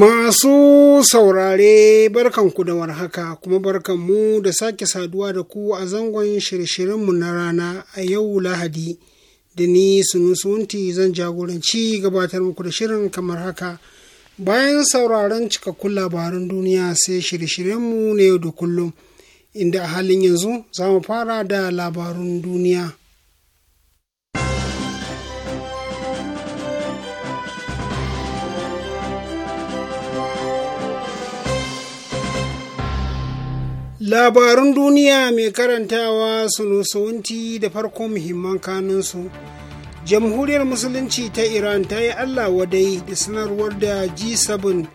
Masu saurare barkanku da warhaka kuma barkanmu da sake saduwa da ku a zangon shirye-shiryenmu na rana a yau Lahadi da ni sunusunti zan jagoranci gabatar muku da shirin kamar haka. Bayan sauraron cikakkun labarun duniya sai shirye-shiryenmu na yau da kullum inda a halin yanzu za mu fara da labarun duniya. Labarun duniya mai karantawa Su sunusunti da farko muhimman kanunsu. Jamhuriyar Musulunci ta Iran ta yi Allah wadai da sanarwar da G7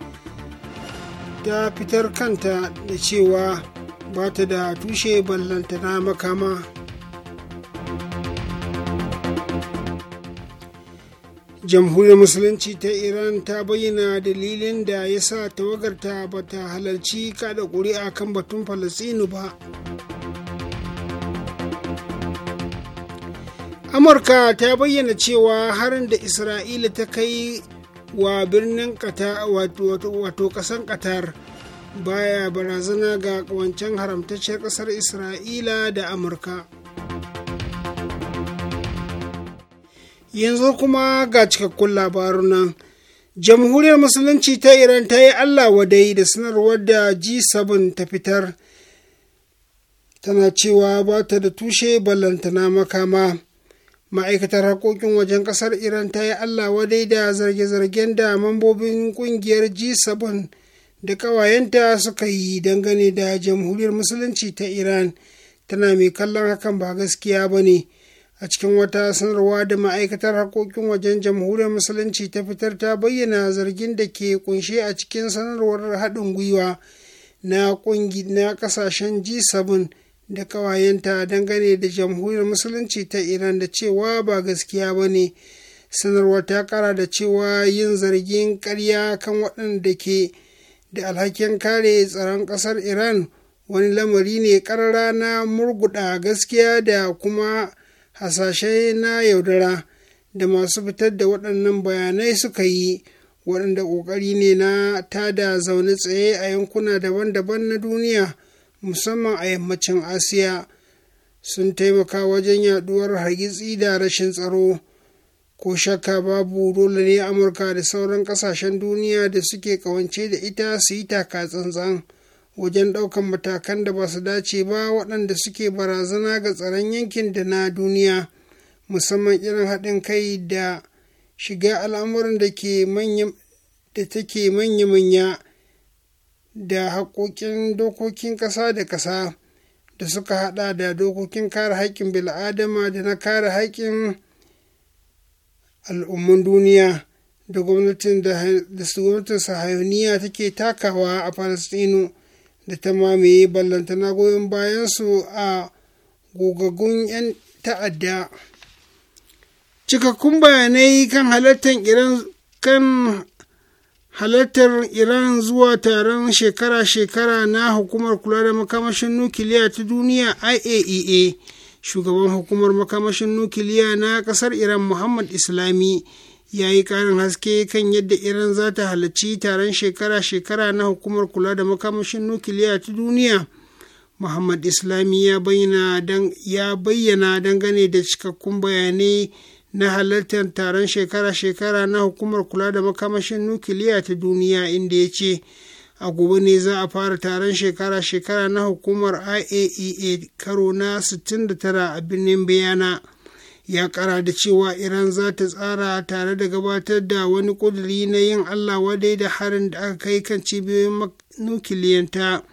ta fitar kanta da cewa ba ta da tushe na makama. jamhuriyar musulunci ta iran ta bayyana dalilin da ya sa tawagarta ba ta halarci kada ƙuri'a kan batun falasinu ba amurka ta bayyana cewa harin da isra'ila ta kai wa birnin wato kasan qatar baya barazana ga wancan haramtacciyar ƙasar isra'ila da amurka yanzu kuma ga cikakkun labarun nan jamhuriyar musulunci ta iran ta yi allah wadai da sanarwar da g7 ta fitar tana cewa ba ta da tushe ballantana makama ma'aikatar harkokin wajen kasar iran ta yi allah wadai da zarge-zargen da mambobin kungiyar g7 da kawayenta suka yi dangane da jamhuriyar musulunci ta iran tana mai kallon hakan ba gaskiya ba ne a cikin wata sanarwa da ma'aikatar harkokin wajen jamhuriyar musulunci ta fitar ta bayyana zargin da ke kunshe a cikin sanarwar haɗin gwiwa na na ƙasashen g7 da ƙawayenta dangane da jamhuriyar musulunci ta iran da cewa ba gaskiya ba ne sanarwar ta ƙara da cewa yin zargin ƙarya kan waɗanda ke da alhakin kare tsaron ƙasar iran wani lamari ne ƙarara na murguɗa gaskiya da kuma hasashe na yaudara da masu fitar da waɗannan bayanai suka yi waɗanda ƙoƙari ne na tada zaune tsaye a yankuna daban-daban na duniya musamman a yammacin asiya sun taimaka wajen yaɗuwar hargitsi da rashin tsaro ko shakka babu dole ne amurka da sauran ƙasashen duniya da suke ƙawance da ita su yi taka tsantsan wajen ɗaukan matakan da ba su dace ba waɗanda suke barazana ga tsaron yankin da na duniya musamman irin haɗin kai da shiga al'amuran da ke da take manya-manya da haƙoƙin dokokin ƙasa da ƙasa da suka haɗa da dokokin kare haƙƙin bil'adama da na kare haƙƙin al'umman duniya da gwamnatin da gwamnatin sahayoniya take takawa a falastinu da ta mamaye ballantana goyon bayansu a gogaggun 'yan ta'adda cikakkun bayanai kan halartar iran kan halartar iran zuwa taron shekara-shekara na hukumar kula da makamashin nukiliya ta duniya iaea e shugaban hukumar makamashin nukiliya na kasar iran muhammad islami ya yi ƙarin haske kan yadda iran za ta halarci taron shekara-shekara na hukumar kula da makamashin nukiliya ta duniya muhammad islami ya bayyana dangane da cikakkun bayanai na halartar taron shekara-shekara na hukumar kula da makamashin nukiliya ta duniya inda ya ce a gobe ne za a fara taron shekara-shekara na hukumar iaea e karo na 69 a birnin bayana. ya kara da cewa iran za ta tsara tare da gabatar da wani ƙuduri na yin allah wadai da harin da aka kai kan cibiyoyin nukiliyanta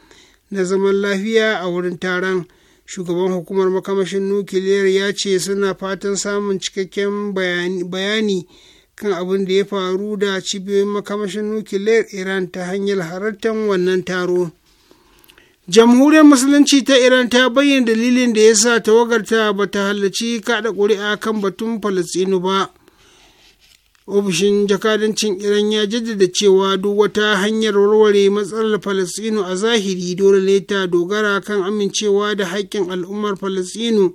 na zaman lafiya a wurin taron shugaban hukumar makamashin nukiliyar ya ce suna fatan samun cikakken bayani kan abin da ya faru da cibiyoyin makamashin nukiliyar iran ta hanyar halartar wannan taro. jamhuriyar musulunci ta iran ta bayyana dalilin da ya sa tawagarta ba ta halarci kaɗa ƙuri'a kan batun falastinu ba ofishin jakadancin iran ya jaddada cewa duk wata hanyar warware matsalar falastinu a zahiri dole ne ta dogara kan amincewa da haƙƙin al'ummar falastinu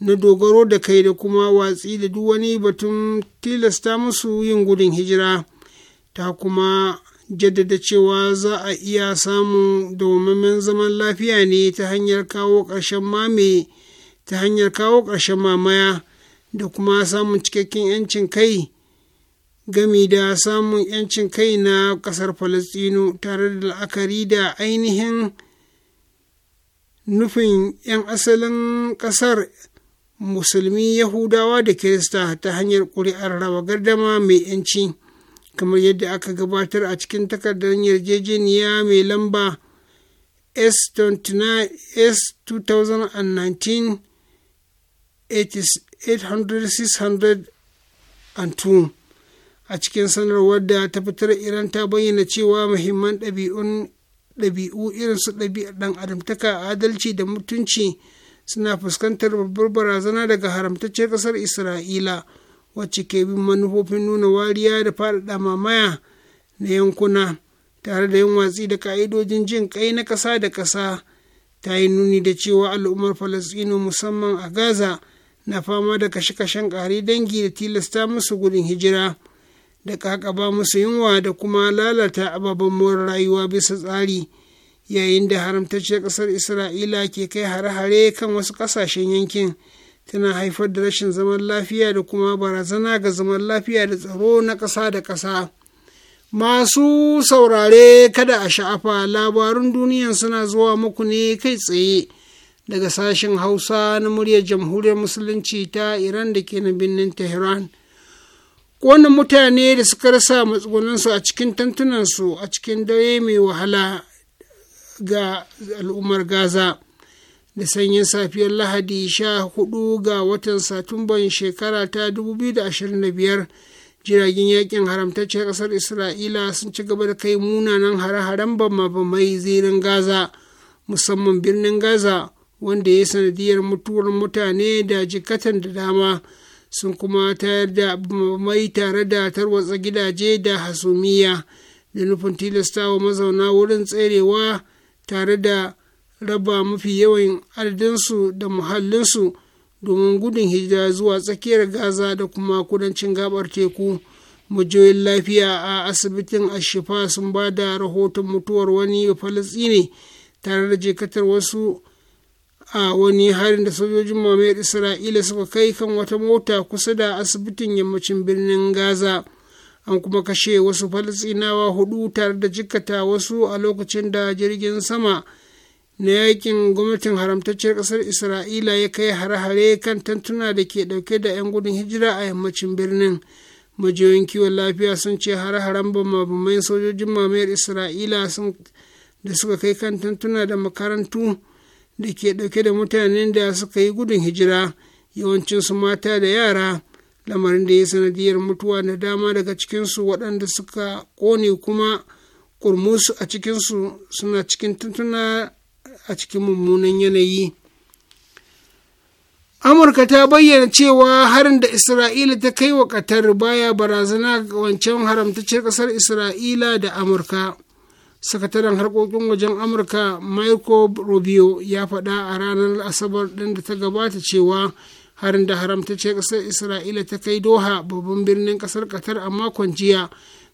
na dogaro da kai da kuma watsi da duk wani batun tilasta musu yin gudun hijira ta kuma jaddada cewa za a iya samun domin zaman lafiya ne ta hanyar kawo ƙarshen mame ta hanyar kawo ƙarshen mamaya da kuma samun cikakken 'yancin kai gami da samun 'yancin kai na ƙasar falastinu tare da la'akari da ainihin nufin 'yan asalin ƙasar musulmi yahudawa da kirista ta hanyar ƙuri'ar raba gardama mai 'yanci. kamar yadda aka gabatar a cikin takardar yarjejeniya mai lamba s 2019 800-602 a cikin sanarwar da ta fitar iran ta bayyana cewa muhimman ɗabi'un ɗabi'u irin su ɗabi'ar ɗan adamtaka adalci da mutunci suna fuskantar babbar barazana daga haramtaccen ƙasar isra'ila wacce ke bin manufofin nuna wariya da faɗaɗa mamaya na yankuna tare da yin watsi da ka'idojin jin kai na ƙasa da ƙasa ta yi nuni da cewa al'ummar falasɗinu musamman a gaza na fama da kashe-kashen ƙari dangi da tilasta musu gudun hijira da ƙaƙaba musu yunwa da kuma lalata ababen more rayuwa bisa tsari yayin da haramtacciyar ƙasar isra'ila ke kai hare-hare kan wasu ƙasashen yankin tana haifar da rashin zaman lafiya da kuma barazana ga zaman lafiya da tsaro na ƙasa da ƙasa masu saurare kada a sha'afa labarun duniya suna zuwa muku ne kai tsaye daga sashen hausa na muryar jamhuriyar musulunci ta iran da ke na birnin tehran wannan mutane da suka rasa matsugunansu a cikin tantunansu a cikin dare mai wahala ga al'ummar gaza da sanyin safiyar lahadi sha hudu ga watan satumban shekara ta 2025 jiragen yakin haramtacciyar kasar isra'ila sun ci gaba da kai munanan hare-haren bamabamai zirin gaza musamman birnin gaza wanda ya sanadiyar mutuwar mutane da jikatan da dama sun kuma tayar da mai tare da tarwatsa gidaje da hasumiya da nufin tilasta wa mazauna wurin tserewa tare da raba mafi yawan adadinsu da muhallinsu domin gudun hijira zuwa tsakiyar gaza da kuma kudancin gabar teku majiyoyin lafiya a asibitin ashifa sun ba da rahoton mutuwar wani falastini tare da jikatar wasu a wani harin da sojojin mamayar isra'ila suka kai kan wata mota kusa da asibitin yammacin birnin gaza an kuma kashe wasu falastinawa hudu tare da jikata wasu a lokacin da jirgin sama na yakin gwamnatin haramtacciyar ƙasar isra'ila ya kai hare-hare kan tantuna da ke ɗauke da 'yan gudun hijira a yammacin birnin majiyoyin kiwon lafiya sun ce hare-haren bamabamai sojojin mamayar isra'ila da suka kai kan tantuna da makarantu da ke ɗauke da mutanen da suka yi gudun hijira yawancinsu mata da yara lamarin da ya sanadiyar mutuwa da dama daga cikinsu waɗanda suka kone kuma ƙurmusu a cikinsu suna cikin tantuna a cikin mummunan yanayi amurka ta bayyana cewa harin da isra'ila ta kai wa qatar baya barazana ga wancan haramtacciyar ƙasar isra'ila da amurka sakataren harkokin wajen amurka michael rubio ya faɗa a ranar asabar ɗin da ta gabata cewa harin da haramtacciyar ƙasar isra'ila ta kai doha babban birnin ƙasar qatar a makon jiya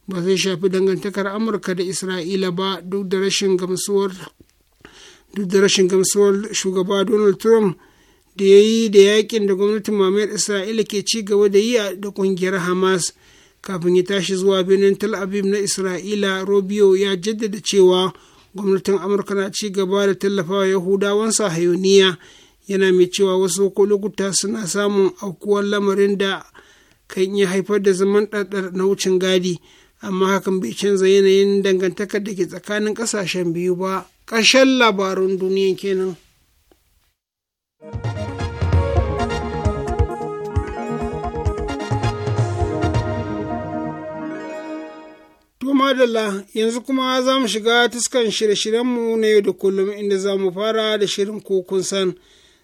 ba zai shafi dangantakar amurka da isra'ila ba duk da rashin gamsuwar duk da rashin gamsuwar shugaba donald trump da ya yi da yakin da gwamnatin mamayar isra'ila ke ci gaba da yi da kungiyar hamas kafin ya tashi zuwa birnin tel aviv na isra'ila robio ya jaddada cewa gwamnatin amurka na ci gaba da tallafawa yahudawan sahayoniya yana mai cewa wasu ko lokuta suna samun aukuwar lamarin da kan iya haifar da zaman ɗaɗar na wucin gadi amma hakan bai canza yanayin dangantakar da ke tsakanin ƙasashen biyu ba ƙarshen labarun duniya kenan. madalla yanzu kuma za mu shiga tuskan shirye-shiryenmu na yau da kullum inda za mu fara da shirin kokun san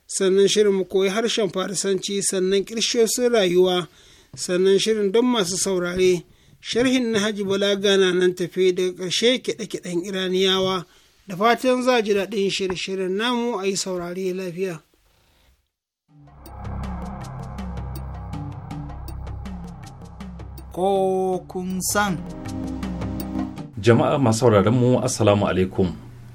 sannan shirin mu koyi harshen farisanci sannan kirshiyosin rayuwa sannan shirin don masu saurare sharhin na haji bala gana nan tafe daga ƙarshe kiɗe-kiɗen iraniyawa. da fatan za ji daɗin shirye-shiryen namu a yi saurari lafiya. Ko kun san. Jama'a masu sauraron mu Assalamu alaikum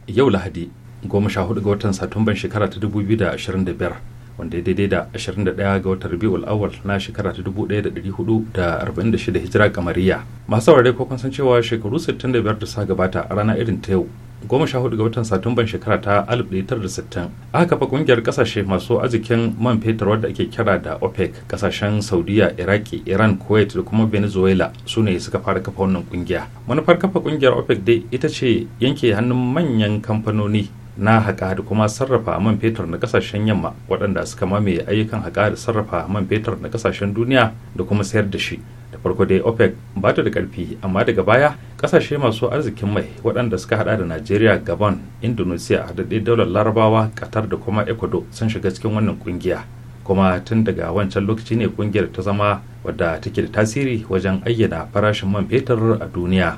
yau Lahadi goma sha hudu ga watan Satumban shekara ta dubu biyu da ashirin da biyar. wanda ya daidai da 21 ga watan Rabiul Awwal na shekara ta 1446 Hijira kamariya. Masu saurare ko kun san cewa shekaru 65 da sa gabata a rana irin ta yau goma sha hudu ga watan satumban shekara ta 1960 aka kafa kungiyar kasashe masu arzikin man fetur wadda ake kira da opec kasashen saudiya iraki iran kuwait da kuma venezuela su ne suka fara kafa wannan kungiya manufar kafa kungiyar opec dai ita ce yanke hannun manyan kamfanoni na haƙa da kuma sarrafa man fetur na ƙasashen yamma waɗanda suka mamaye ayyukan haƙa da sarrafa man fetur na kasashen duniya da kuma sayar da shi da farko dai opec ba ta da ƙarfi amma daga baya ƙasashe masu arzikin mai waɗanda suka haɗa da nigeria gabon indonesia ɗaya daular larabawa qatar da kuma ecuador sun shiga cikin wannan ƙungiya kuma tun daga wancan lokaci ne ƙungiyar ta zama wadda take da tasiri wajen ayyana farashin man fetur a duniya.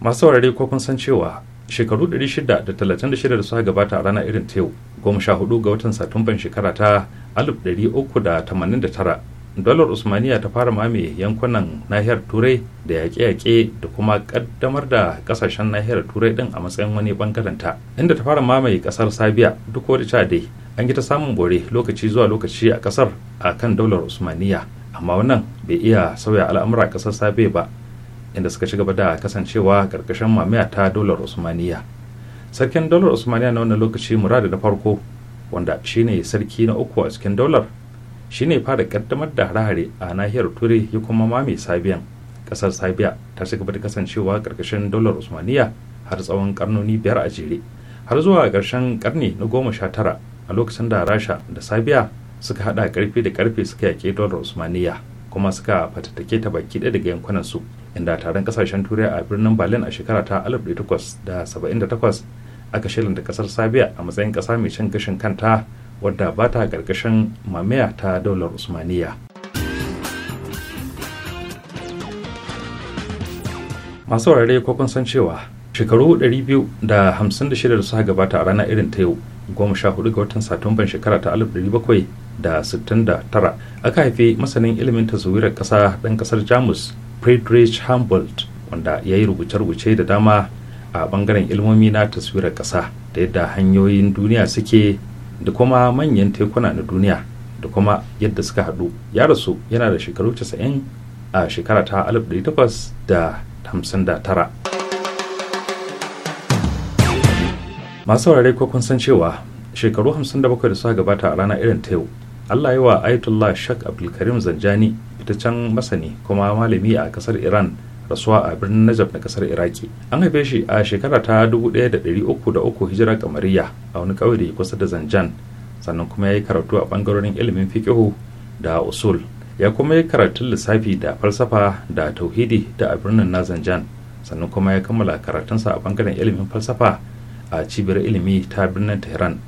masu saurare ko kun san cewa shekaru 636 da suka gabata a rana irin ta yau goma sha hudu ga watan satumban shekara ta 1389 dalar usmaniya ta fara mame yankunan nahiyar turai da yaƙe-yaƙe da kuma ƙaddamar da ƙasashen nahiyar turai ɗin a matsayin wani ɓangaren ta inda ta fara mamaye ƙasar sabiya duk wani ta dai an ta samun bore lokaci zuwa lokaci a ƙasar a kan daular usmaniya amma wannan bai iya sauya al'amura ƙasar sabiya ba inda suka ci gaba da kasancewa karkashin mamaya ta dolar usmaniya sarkin dolar usmaniya na wannan lokaci muradi na farko wanda shine sarki na uku a cikin dolar shine fara kaddamar da harare a nahiyar turai ya kuma mame sabiyan kasar sabiya ta ci gaba da kasancewa karkashin dolar usmaniya har tsawon karnoni biyar a jere har zuwa karshen karni na goma sha tara a lokacin da rasha da sabiya suka hada karfe da karfe suka yaƙi dolar usmaniya kuma suka fatattake ta baki ɗaya daga yankunan su inda taron kasashen turai a birnin berlin a shekara ta 1878 aka shirin da kasar sabiya a matsayin kasa mai cin gashin kanta wadda ba ta karkashin mamaya ta daular usmaniya masu wurare ko kun san cewa shekaru 256 da suka gabata a ranar irin ta yau goma ga watan satumban shekara ta 1769 aka haifi masanin ilimin taswirar kasa ɗan kasar jamus friedrich humboldt wanda ya yi rubuce-rubuce da dama a bangaren ilmomi na taswirar ƙasa da yadda hanyoyin duniya suke da kuma manyan tekuna na duniya da kuma yadda suka haɗu ya rasu yana da shekaru 90 a shekara ta 1859 masu saurare ko san cewa shekaru 57 da suka gabata a rana irin ta yau allah yi wa ayatollah shak abdulkarim zanjani fitaccen masani kuma malami a kasar iran rasuwa a birnin najaf na kasar iraki an haife shi a shekara ta 1303 hijira kamariya a wani kauye da kusa da zanjan sannan kuma ya yi karatu a ɓangarorin ilimin fiqihu da usul ya kuma yi karatun lissafi da falsafa da tauhidi da a birnin na zanjan sannan kuma ya kammala karatunsa a ɓangaren ilimin falsafa a cibiyar ilimi ta birnin tehran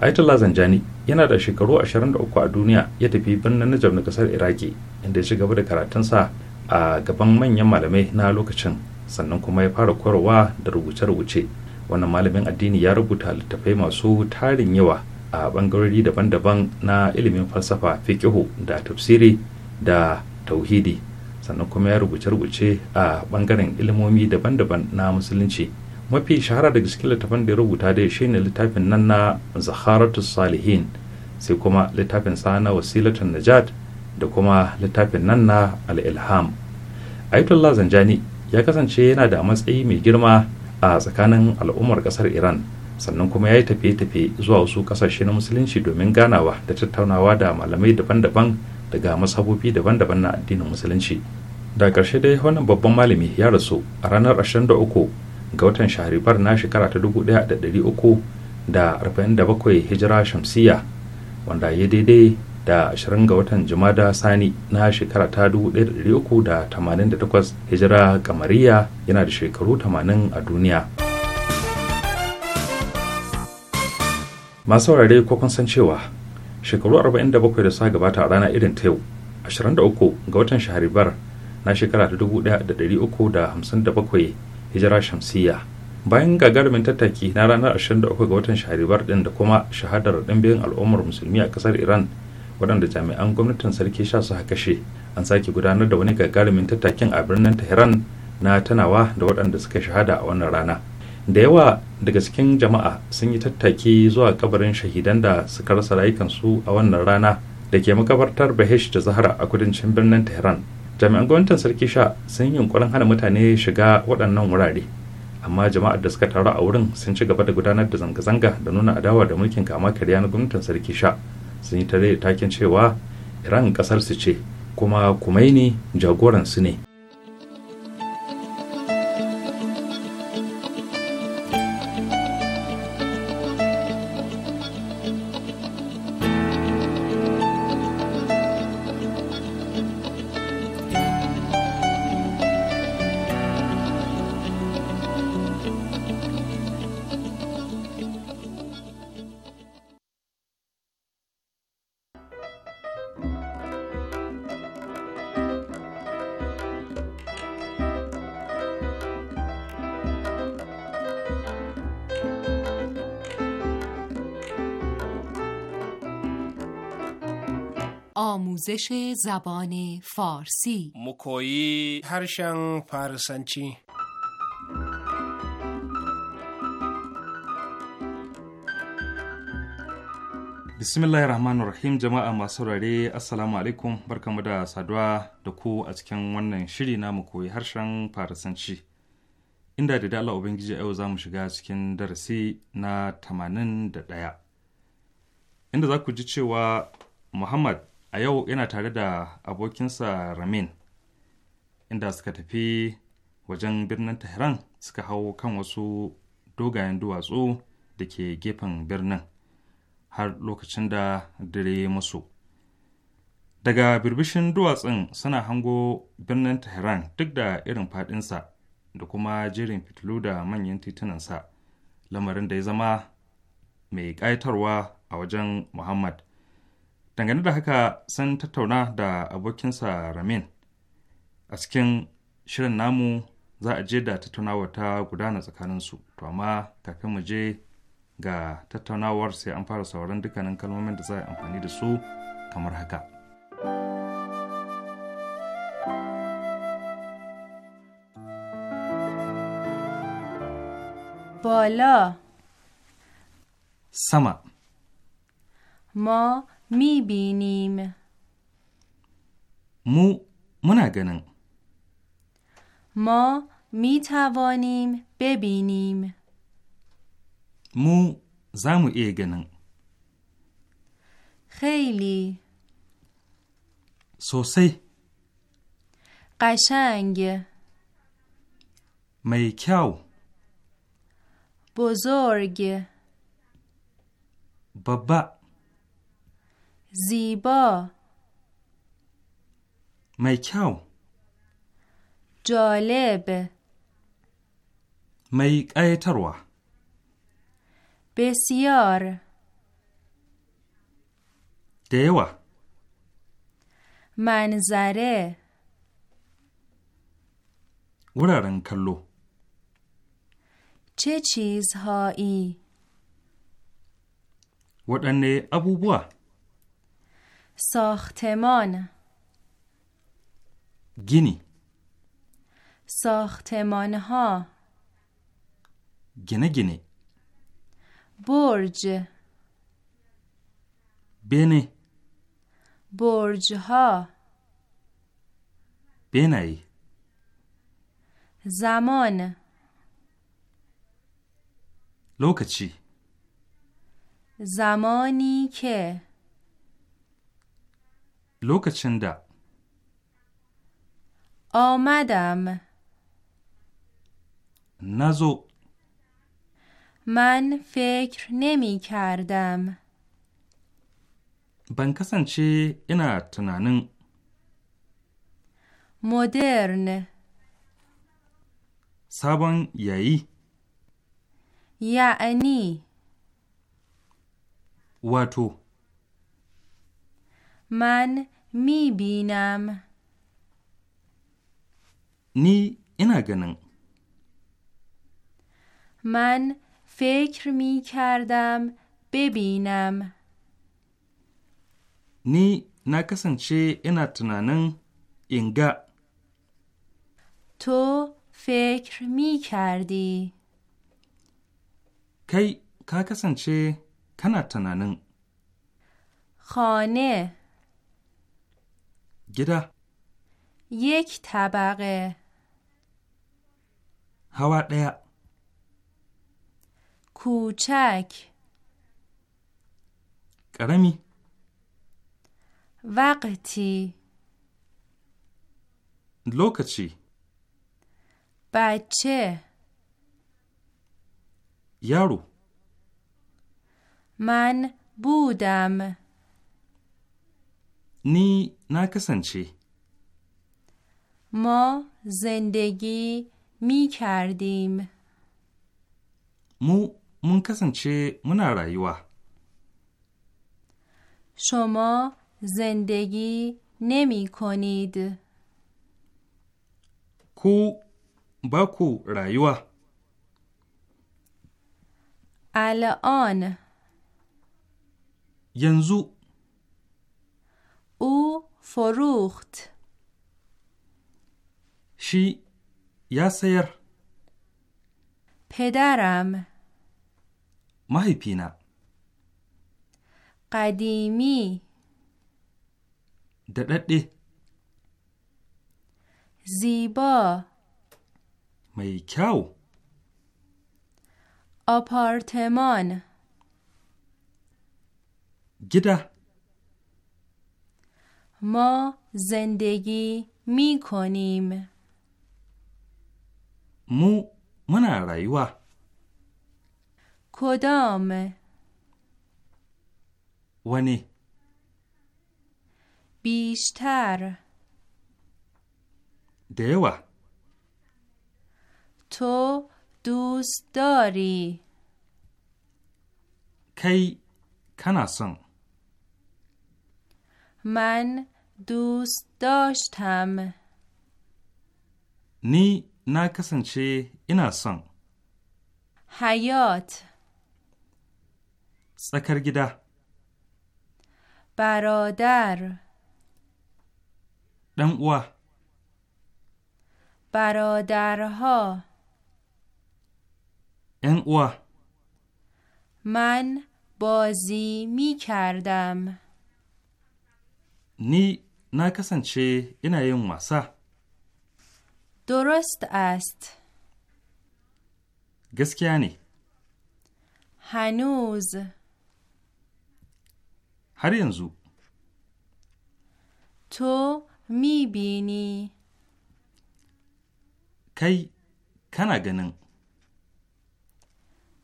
Ayatollah Zanjani yana da shekaru 23 a duniya ya tafi birnin Najaf na kasar Iraki inda ya ci gaba da karatunsa a gaban manyan malamai na lokacin sannan kuma ya fara koyarwa da rubuce-rubuce. Wannan malamin addini ya rubuta littattafai masu tarin yawa a bangarori daban-daban na ilimin falsafa fiqihu da tafsiri da tauhidi sannan kuma ya rubuce-rubuce a bangaren ilimomi daban-daban na musulunci. mafi shahara daga cikin littafin da ya rubuta dai shine littafin nan na zaharatu salihin sai kuma littafin sa na wasilatun najat da kuma littafin nan na al-ilham ayatollah zanjani ya kasance yana da matsayi mai girma a tsakanin al'ummar kasar iran sannan kuma ya yi tafiye-tafiye zuwa wasu kasashe na musulunci domin ganawa da tattaunawa da malamai daban-daban daga masabobi daban-daban na addinin musulunci da ƙarshe dai wannan babban malami ya rasu a ranar 23 ga watan shahribar na shekara ta 1347 hijira shamsiya wanda ya daidai da 20 ga watan jumada sani na shekara ta 1388 hijira kamariya yana da shekaru 80 a duniya masu saurare ko kun san cewa shekaru 47 da suka gabata a rana irin ta yau 23 ga watan shahribar na shekara ta 1357 hijira shamsiyya bayan gagarumin tattaki na ranar 23 ga watan sharibar din da kuma shahadar ɗimbin al'ummar musulmi a ƙasar iran waɗanda jami'an gwamnatin sarki sha su kashe an sake gudanar da wani gagarumin tattakin a birnin tehran na tanawa da waɗanda suka shahada a wannan rana da yawa daga cikin jama'a sun yi tattaki zuwa kabarin shahidan da suka rasa rayukansu a wannan rana da ke makabartar bahesh da zahara a kudancin birnin tehran jami'an gwamnatin sarki sha sun yi yunkurin hana mutane shiga waɗannan wurare amma jama'ar da suka taru a wurin sun ci gaba da gudanar da zanga-zanga da nuna adawa da mulkin kama karya na gwamnatin sarki sha sun yi tare da takin cewa iran kasar su ce kuma kumaini jagoran su ne آموزش زبان فارسی مکویی هرشن فارسنچی bismillahir rahmanir rahim jama'a masu rare assalamu alaikum barkamu da saduwa da ku a cikin wannan shiri na mu koyi harshen farisanci inda da Allah ubangiji yau za mu shiga cikin darasi na 81 inda za ku ji cewa muhammad a yau yana tare da abokinsa ramin inda suka tafi wajen birnin tehran suka hau kan wasu dogayen duwatsu da ke gefen birnin har lokacin da dare musu daga birbishin duwatsun suna hango birnin tehran duk da irin fadinsa da kuma jerin fitilu da manyan titunansa lamarin da ya zama mai ƙayatarwa a wajen muhammad dangane da haka sun tattauna da abokinsa ramin a cikin shirin namu za a je da tattaunawa ta gudana tsakaninsu to amma kafin mu je ga tattaunawar sai an fara sauran dukkanin kalmomin da za a amfani da su kamar haka بالا sama. ما می بینیم مو منگنن ما می توانیم ببینیم مو زمو ایگنن خیلی سوسی قشنگ میکاو بزرگ بابا زیبا میکاو جالب می قیتروا بسیار دیوا منظره ورارن کلو چه چیزهایی؟ ابو abubuwa ساختمان گینی ساختمان ها گنه گنه برج بنه برج ها زمان لوکچی زمانی که lokacin da Oh, madam. Nazo. Man fikr nemi kardam. Ban kasance ina tunanin. Modern. Sabon yayi. Ya'ani. Wato. من می بینم نی اینا گنن من فکر می کردم ببینم نی نکسن چه اینا تنانن اینگا تو فکر می کردی کی که کسن چه کنا تنانن خانه گده یک طبقه هوا کوچک قرمی وقتی لوکچی بچه یارو من بودم Ni na kasance. Ma zindagi mi kardim. Mu mun kasance muna rayuwa. Shoma zindagi nemi konid. Ku ba ku rayuwa. Al'an. Yanzu. او فروخت شی یاسر پدرم ماهی پینا قدیمی دردی زیبا میکاو آپارتمان گده ما زندگی می کنیم مو من رایوا کدام ونی بیشتر دیوا تو دوست داری کی کناسن من دوست داشتم نی چه اینا سن حیات سکرگیده برادر دنگوا برادرها انوا من بازی می کردم Ni na kasance ina yin wasa. Dorost asked. gaskiya ne. Hanuz. har yanzu. To تو میبینی kai kana ganin.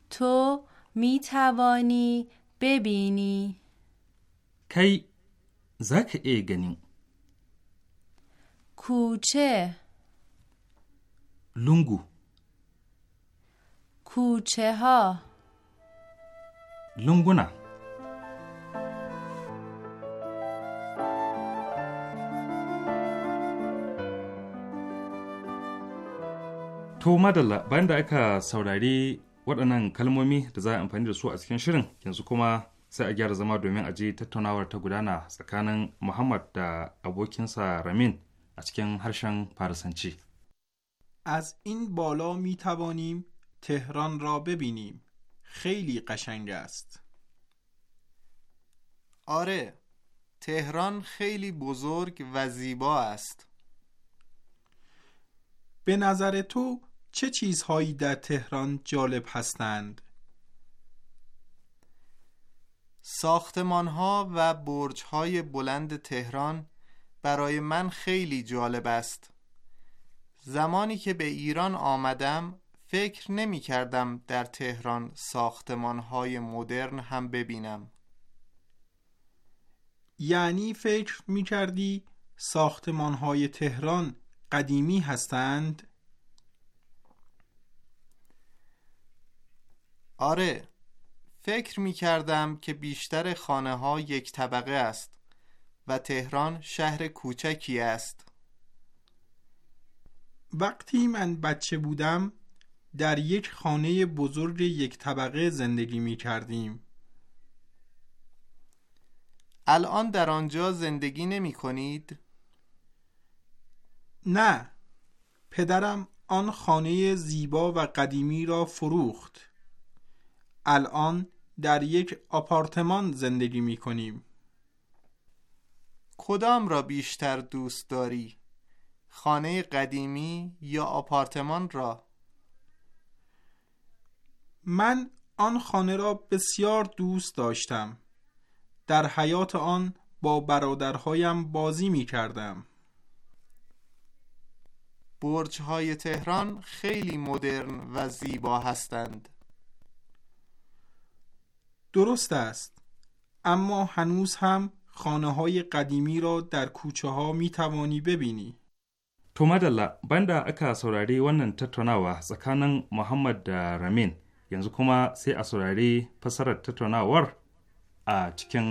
To mi tawani, ببینی. kai Za ka iya gani Kuce. Lungu. Kuce ha. Lunguna. To madalla bayan da aka saurari waɗannan kalmomi da za a amfani da su a cikin shirin yanzu kuma sai a gyara zama domin a ji tattaunawar ta gudana tsakanin muhammad da abokinsa ramin a cikin harshen farisanci از این بالا می توانیم تهران را ببینیم خیلی قشنگ است آره تهران خیلی بزرگ و زیبا است به نظر تو چه چیزهایی در تهران جالب هستند ساختمان ها و برج های بلند تهران برای من خیلی جالب است زمانی که به ایران آمدم فکر نمی کردم در تهران ساختمان های مدرن هم ببینم یعنی فکر می کردی ساختمان های تهران قدیمی هستند؟ آره فکر می کردم که بیشتر خانه ها یک طبقه است و تهران شهر کوچکی است وقتی من بچه بودم در یک خانه بزرگ یک طبقه زندگی می کردیم الان در آنجا زندگی نمی کنید؟ نه پدرم آن خانه زیبا و قدیمی را فروخت الان در یک آپارتمان زندگی می کنیم. کدام را بیشتر دوست داری؟ خانه قدیمی یا آپارتمان را؟ من آن خانه را بسیار دوست داشتم. در حیات آن با برادرهایم بازی می کردم. برج های تهران خیلی مدرن و زیبا هستند. درست است اما هنوز هم خانه های قدیمی را در کوچه ها می To madalla banda aka saurari wannan tattaunawa tsakanin Muhammad da Ramin yanzu kuma sai a saurari fasarar tattaunawar a cikin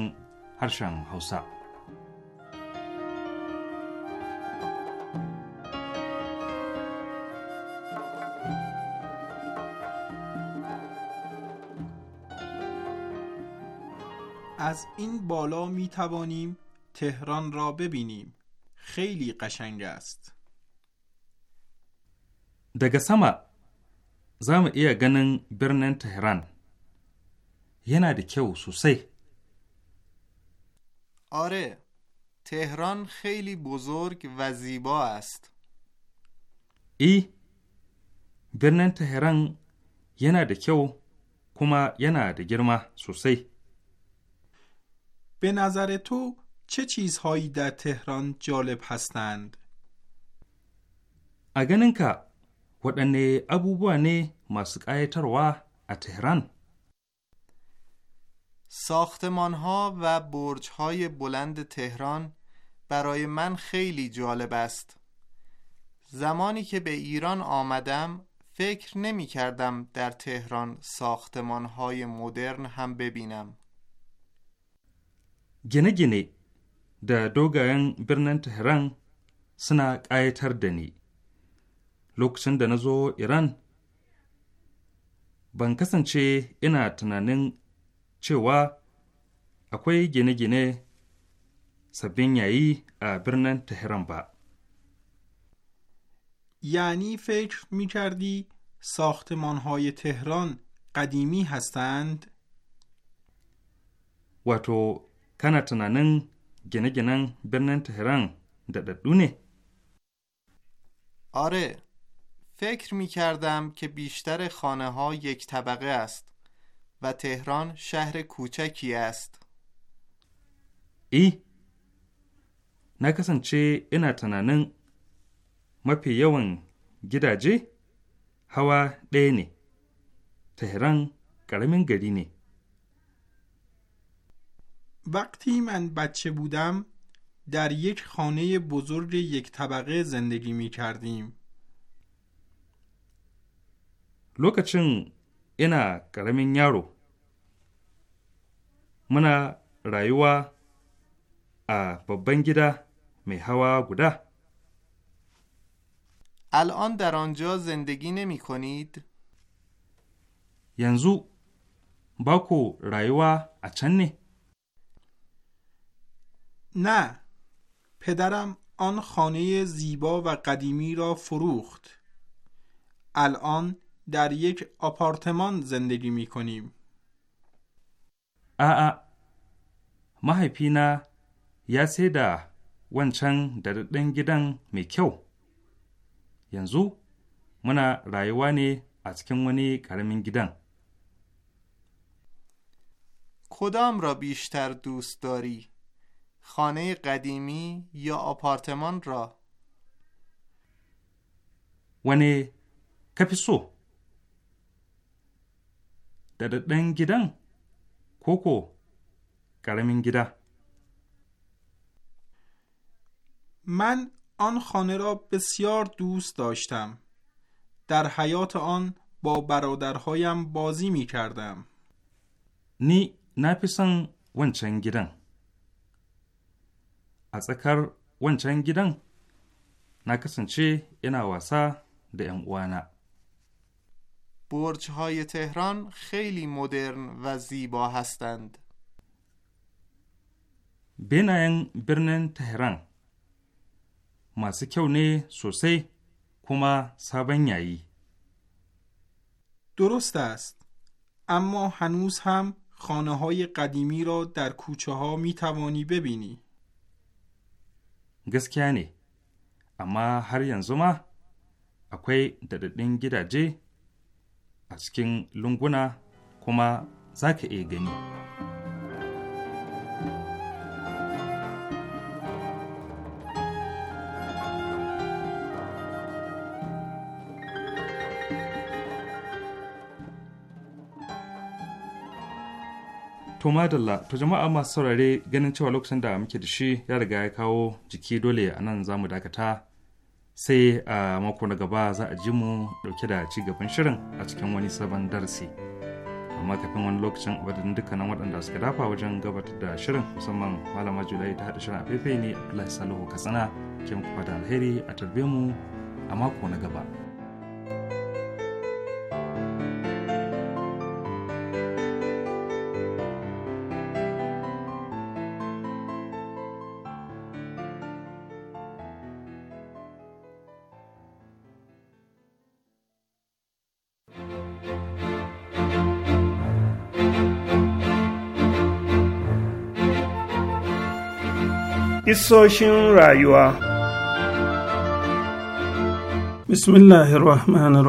harshen Hausa. از این بالا می توانیم تهران را ببینیم. خیلی قشنگ daga sama za mu iya ganin birnin Tehran. Yana da kyau sosai. آره، تهران خیلی بزرگ و زیبا است. birnin Tehran yana da kyau kuma yana da girma sosai. به نظر تو چه چیزهایی در تهران جالب هستند؟ اگر نکا، ابو بوانه مسکای ساختمان ها و برج های بلند تهران برای من خیلی جالب است. زمانی که به ایران آمدم فکر نمی کردم در تهران ساختمان های مدرن هم ببینم. Gine-gine da dogayen birnin Tehran suna ƙayatar da ni. Lokacin da na zo Iran, ban kasance ina tunanin cewa akwai gine-gine sabbin yayi a birnin Tehran ba. یعنی فکر می کردی ساختمان های تهران قدیمی هستند؟ و تو kana tunanin gine-ginen birnin Tehran daɗaɗɗu ne? Are, fikir mi kardam ke bishtar khane ha yek tabaqe ast va Tehran shahr kuchaki ast. ای na kasance ina tunanin mafi yawan gidaje hawa ɗaya ne, Tehran ƙaramin gari ne. وقتی من بچه بودم در یک خانه بزرگ یک طبقه زندگی می کردیم لوکچن اینا کرمین یارو منا رایوا ا بابن می هوا گودا الان در آنجا زندگی نمی کنید؟ ینزو باکو رایوا اچن نه نه پدرم آن خانه زیبا و قدیمی را فروخت الان در یک آپارتمان زندگی می کنیم آآ محیپی نه یا سه ده وانچنگ در دنگیدن می کیو ینزو منا رایوانی از کنونی کرمین گیدن کدام را بیشتر دوست داری؟ خانه قدیمی یا آپارتمان را ونه کپیسو در گیدن کوکو من آن خانه را بسیار دوست داشتم در حیات آن با برادرهایم بازی می کردم نی نپیسن ونچن a tsakar wancan gidan na kasance ina wasa da 'yan uwana. برج های تهران خیلی مدرن و زیبا هستند. بناین برنن تهران masu kyau ne sosai kuma sabon yayi. درست است. اما هنوز هم خانه های قدیمی را در کوچه ها می توانی ببینی. gaskiya ne amma har yanzu ma akwai daɗaɗɗin gidaje a cikin lunguna kuma za ka iya gani. To madalla to jama'a masu saurare ganin cewa lokacin da muke da shi ya riga ya kawo jiki dole a nan za mu dakata sai a mako na gaba za a ji mu dauke da ci gaban shirin a cikin wani sabon darasi. amma kafin wani lokacin abadin dukkanin waɗanda suka dafa wajen gabatar da shirin musamman malama julai ta haɗa shirin afefe ne abdullahi salihu katsina ke muku fata alheri a tarbe mu a mako na gaba. Kisoshin rayuwa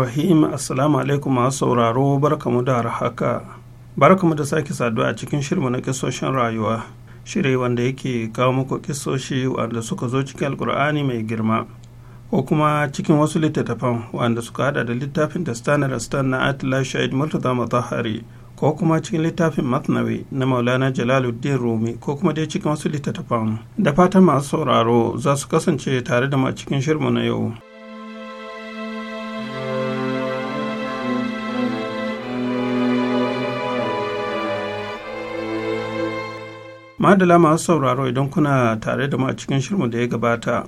rahim Assalamu alaikum masu sauraro barkamu da haka barkamu da sake saduwa a cikin shirmu na kisoshin rayuwa shirye wanda yake kawo muku kisoshi wanda suka zo cikin alkur'ani mai girma ko kuma cikin wasu littattafan wanda suka hada da littafin da stanar stan na atila shahid murtaza matahari ko kuma cikin littafin matnawi na maulana jalaluddin rumi ko kuma dai cikin wasu littattafan da fatan masu sauraro za su kasance tare da mu cikin shirmu na yau madala masu sauraro idan kuna tare da mu a cikin shirmu da ya gabata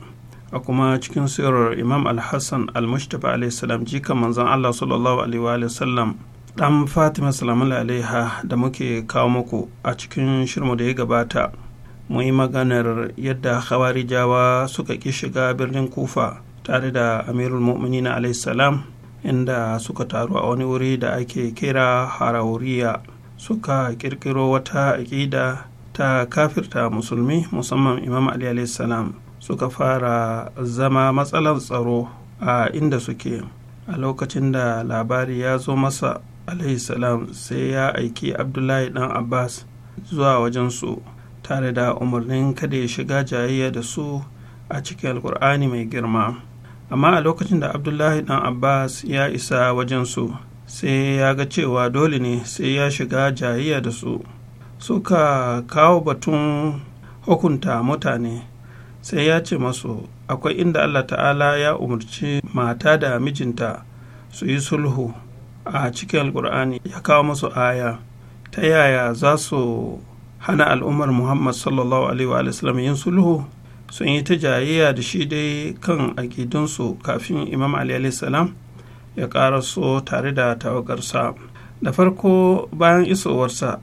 a kuma cikin sirar imam al-hassan al-mustapha alaihi jikan manzan allah sallallahu alaihi wa sallam dan fatima salamu alaiha da muke kawo muku a cikin shirmu da ya gabata mun yi maganar yadda jawa suka ki shiga birnin kufa tare da amirul mu'minin alaihi salam inda suka taru a wani wuri da ake kira harauriya suka kirkiro wata aƙida ta kafirta musulmi musamman imam ali salam suka fara zama matsalar tsaro a inda suke a lokacin da labari ya zo masa salam sai ya aiki abdullahi dan abbas zuwa wajensu tare da umarnin kada ya shiga jayayya da su a cikin alkur'ani mai girma amma a lokacin da abdullahi dan abbas ya isa wajensu sai ya ga cewa dole ne sai ya shiga jayayya da su suka kawo batun hukunta mutane sai ya ce masu akwai inda allah ta'ala ya umarci mata da mijinta su yi sulhu a cikin alkur'ani ya kawo masu aya ta yaya za su hana al'ummar muhammad sallallahu alaihi wa sallam yin sulhu sun yi ta jayayya da shi dai kan al-gidansu kafin imam ali salam ya su tare da tawagarsa da farko bayan isowarsa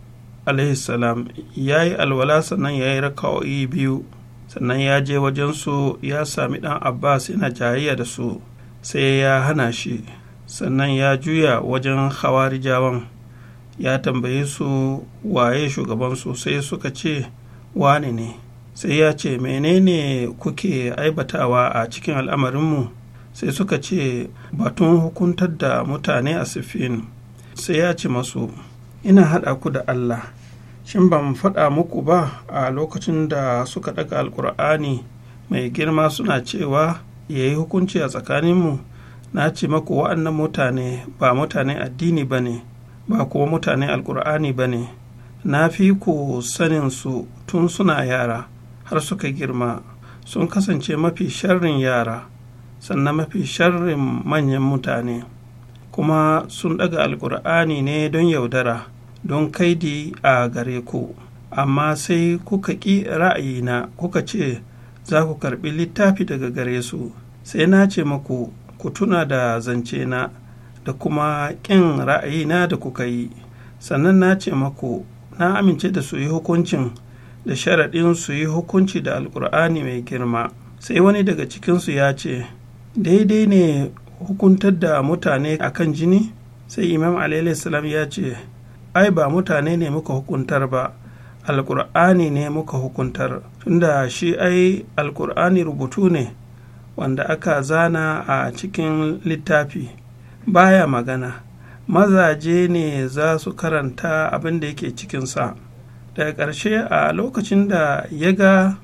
salam ya yi alwala sannan ya yi raka'o'i biyu sannan ya je wajensu ya sami ɗan abbas yana jayayya da su sai ya hana shi sannan ya juya wajen hawarijawan ya tambaye su waye shugabansu sai suka ce wane ne sai ya ce menene kuke aibatawa a cikin al'amarinmu sai suka ce batun hukuntar da mutane a siffin sai ya ce masu ina haɗa ku da allah shin ban faɗa muku ba a lokacin da suka ɗaga alkur'ani mai girma suna cewa ya yi hukunci a tsakaninmu na ce maku wa'annan mutane ba mutane addini ba ne ba kuma mutane alkur'ani ba ne na fi ku saninsu tun suna yara har suka girma sun kasance mafi sharrin yara sannan mafi sharrin manyan mutane kuma sun daga alkur'ani ne don yaudara don kaidi a gare ku amma sai kuka ƙi ra'ayina kuka ce za ku karɓi littafi daga gare su sai na ce maku ku tuna da zance na da kuma ƙin ra'ayina da kuka yi sannan na ce maku na amince da su yi hukuncin da sharaɗin su yi hukunci da Alƙur'ani mai girma sai wani daga cikinsu ya ce daidai ne hukuntar da mutane a kan jini sai imam salam ya ce ai ba mutane ne muka hukuntar ba Alƙur'ani ne muka hukuntar tunda shi ai Alƙur'ani rubutu ne wanda aka zana a cikin littafi baya magana mazaje ne za su karanta abin da yake cikinsa daga ƙarshe a lokacin da ya ga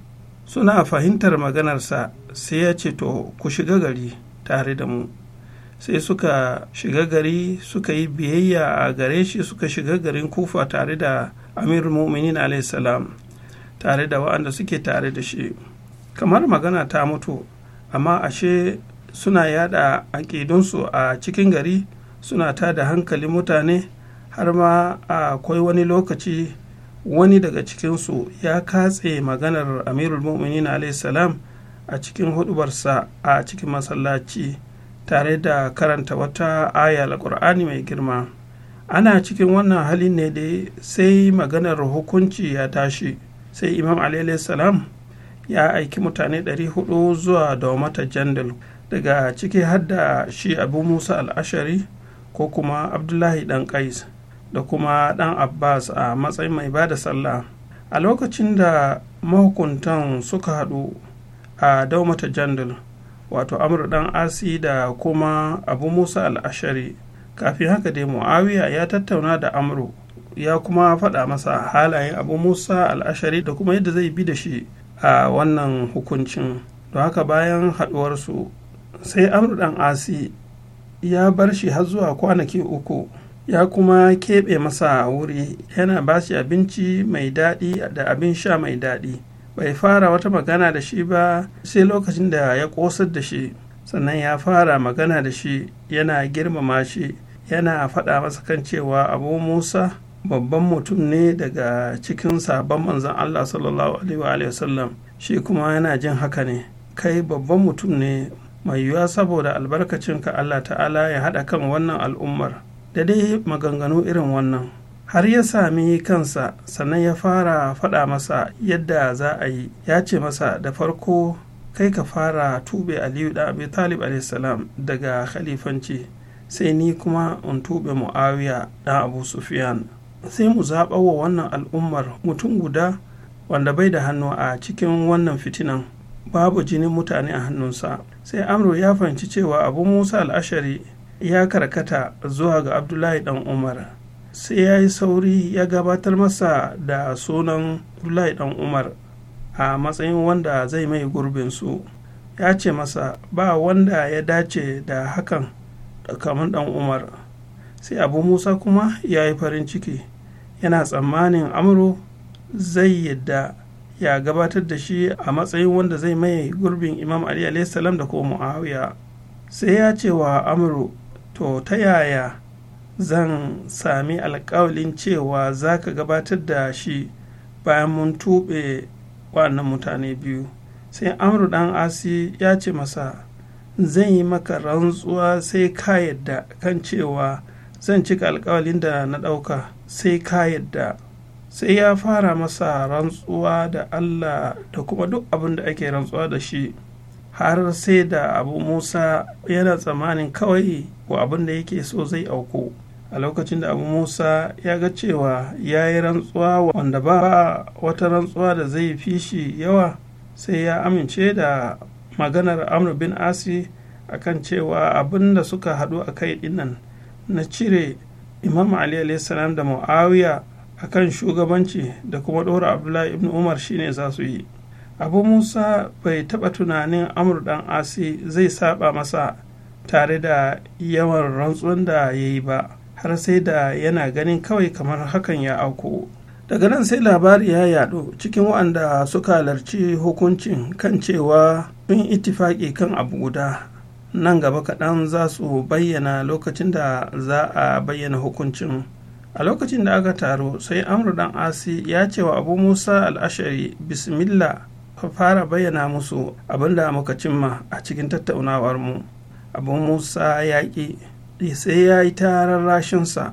suna fahimtar maganarsa sai ya ce to ku shiga gari tare da mu sai suka shiga gari suka yi biyayya a gare shi suka shiga garin kufa tare da amir muminin salam tare da wa'anda suke tare da shi kamar magana ta mutu amma ashe suna yada aƙidunsu a cikin gari suna ta da hankali mutane har ma akwai wani lokaci wani daga cikinsu ya katse maganar amirul mu'minin salam a cikin hudubarsa a cikin masallaci tare da karanta wata aya alkur'ani mai girma ana cikin wannan halin ne dai sai maganar hukunci ya tashi sai imam salam ya aiki mutane 400 zuwa daumata jandal daga ciki hadda shi abu musa al'ashari ko kuma abdullahi dan kais da kuma dan abbas a matsayin mai bada sallah a lokacin da mahukuntan suka haɗu a daumata jandal wato amur dan asi da kuma abu musa al'ashari kafin haka dai muawiya ya tattauna da amru ya kuma faɗa masa halayen abu musa al'ashari da kuma yadda zai bi da shi a wannan hukuncin don haka bayan haɗuwarsu sai amru ɗan asi ya bar shi har zuwa kwanaki uku ya kuma keɓe masa wuri yana ba shi abinci mai daɗi da abin sha mai daɗi bai fara wata magana da shi ba sai lokacin da ya ƙosar da shi sannan ya fara magana da shi yana girmama shi yana faɗa masa kan cewa abu musa babban mutum ne daga cikin sabon manzan Allah sallallahu alaihi wasallam shi kuma yana jin haka ne kai babban mutum ne mai yiwuwa saboda albarkacin ka Allah ta'ala ya haɗa kan wannan al'ummar da dai maganganu irin wannan har ya sami kansa sannan ya fara faɗa masa yadda za a yi ya ce masa da farko kai ka fara tube aliyu da abi talib salam daga khalifanci sai ni kuma in tube mu'awiya da abu Sufiyan. sai mu zaɓa wa wannan al'ummar mutum guda wanda bai da hannu a cikin wannan fitinan babu jinin mutane a hannunsa sai amro ya fahimci cewa abu musa al'ashari ya karkata zuwa ga abdullahi dan umar sai ya yi sauri ya gabatar masa da sunan abdullahi dan umar a matsayin wanda zai mai gurbin su ya ce masa ba wanda ya dace da hakan da kamar dan umar sai abu musa kuma ya yi farin ciki yana tsammanin amuru zai yadda ya gabatar da shi a matsayin wanda zai maye gurbin imam ali salam da ko muawiya sai ya ce wa amuru to ta yaya zan sami alkawalin cewa za ka gabatar da shi bayan mun tuɓe waɗannan mutane biyu sai amru ɗan asi ya ce masa zan yi maka rantsuwa sai ka yadda kan cewa zan cika alkawalin da na ɗauka sai ka yadda sai ya fara masa rantsuwa da allah da kuma duk abin da ake rantsuwa da shi har sai da abu musa yana tsammanin kawai ko abin da yake so zai auku a lokacin da abu musa ya ga cewa ya yi rantsuwa wanda ba wata rantsuwa da zai fi shi yawa sai ya amince da maganar amr bin asi akan cewa abin da suka haɗu a kai dinnan na cire imam ali salam da muawiya kan shugabanci da kuma ɗora abdullahi ibn umar shine za su yi abu musa bai taɓa tunanin amur ɗan asi zai saba masa tare da yawan rantsuwan da ya yi ba har sai da yana ganin kawai kamar hakan ya auku daga nan sai labari ya yaɗu cikin waɗanda suka halarci hukuncin kan cewa sun itifaki kan abu guda nan gaba kaɗan za su bayyana lokacin da za a bayyana hukuncin a lokacin da aka taro sai amru dan asi ya ce wa abu musa al'ashari bismillah ka fara bayyana musu abin da muka cimma a cikin tattaunawar mu abu musa ya ƙi sai ya yi ta rarrashinsa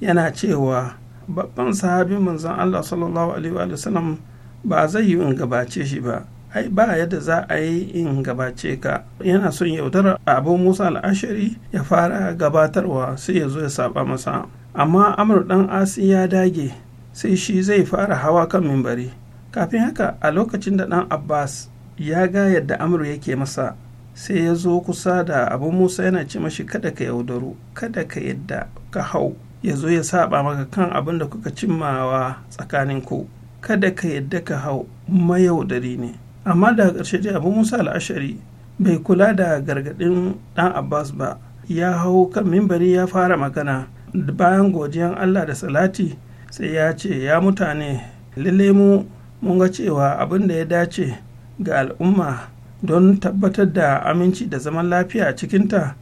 yana cewa babban sahabin manzon allah sallallahu alaihi wa sallam ba zai yi in gabace shi ba ai ba yadda za a yi in gabace ka yana son yaudarar abu musa al'ashari ya fara gabatarwa sai ya zo ya saba masa amma amur dan asi ya dage sai shi zai fara hawa kan mimbari kafin haka a lokacin da dan abbas ya ga yadda amur yake masa sai ya zo kusa da abu musa yana ce mashi kada ka yaudaru kada ka yadda ka hau ya zo ya saba maka kan abin da kuka cimmawa tsakaninku kada ka yadda ka hau mayaudari ne amma daga ƙarshe dai abu musa al'ashari bai kula da gargaɗin ɗan abbas ba ya hau kan mimbari ya fara magana bayan godiyan allah da salati sai ya ce ya mutane lalle mu mun ga cewa abin da ya dace ga al'umma don tabbatar da aminci da zaman lafiya cikinta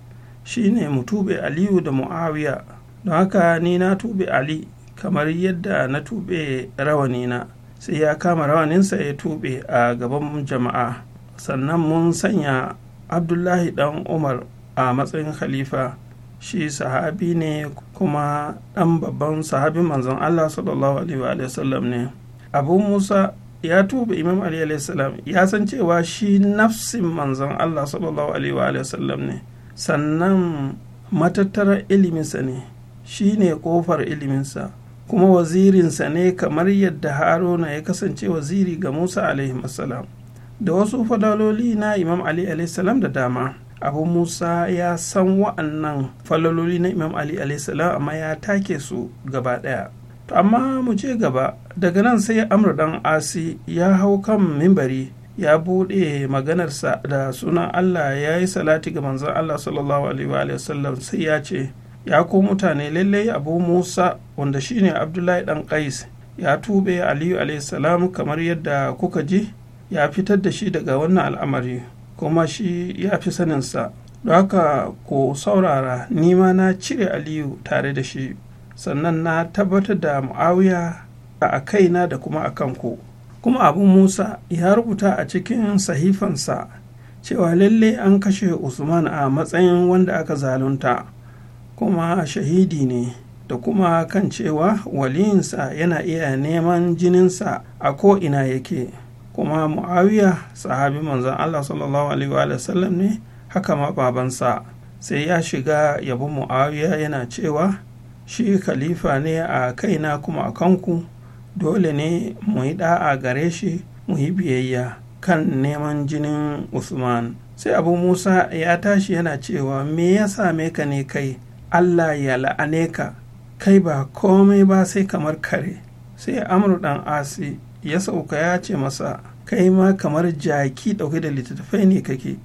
shine mu tube aliyu da mu'awiya don haka ni na tube ali kamar yadda na tube rawanina sai ya kama rawaninsa ya tuɓe a gaban jama'a sannan mun sanya abdullahi dan umar a matsayin khalifa shi sahabi ne kuma ɗan babban sahabin manzon allah sallallahu alaihi sallam ne abu musa ya tuba imam ali salam ya san cewa shi nafsin manzon allah sallallahu alaihi sallam ne sannan matattarar iliminsa ne shi ne ƙofar iliminsa kuma wazirinsa ne kamar yadda haruna ya kasance waziri ga musa salam da wasu falololi na imam ali salam da dama abu musa ya san wa'annan falaloli na imam ali salam amma ya take su gaba ɗaya to amma mu je gaba daga nan sai amr dan asi ya hau kan mimbari ya buɗe maganarsa da sunan allah ya yi salati ga manzon allah sallallahu alaihi wa sai ya ce ya ko mutane lallai abu musa wanda shine abdullahi dan kais ya tube aliyu salam kamar yadda kuka ji ya fitar da shi daga wannan al'amari kuma shi ya fi saninsa don haka ko saurara nima na cire aliyu tare da shi sannan na tabbatar da mu'awiya a kaina da kuma a kanku kuma abu musa ya rubuta a cikin sahifansa cewa lallai an kashe usman a matsayin wanda aka zalunta kuma shahidi ne da kuma kan cewa waliyinsa yana iya neman jininsa a ko'ina yake kuma mu'awiya sahabi manzan allah sallallahu alaihi wa sallam ne haka ma babansa sai ya shiga yabon mu'awiya yana cewa shi khalifa ne a kaina kuma a kanku dole ne mu yi da'a gare shi mu yi biyayya kan neman jinin usman sai abu musa ya tashi yana cewa me ya same ka ne kai allah ya la'ane ka kai ba komai ba sai kamar kare sai amur ɗan asi ya sauka ya ce masa kai ma kamar jaki ɗauke da littattafai ne kake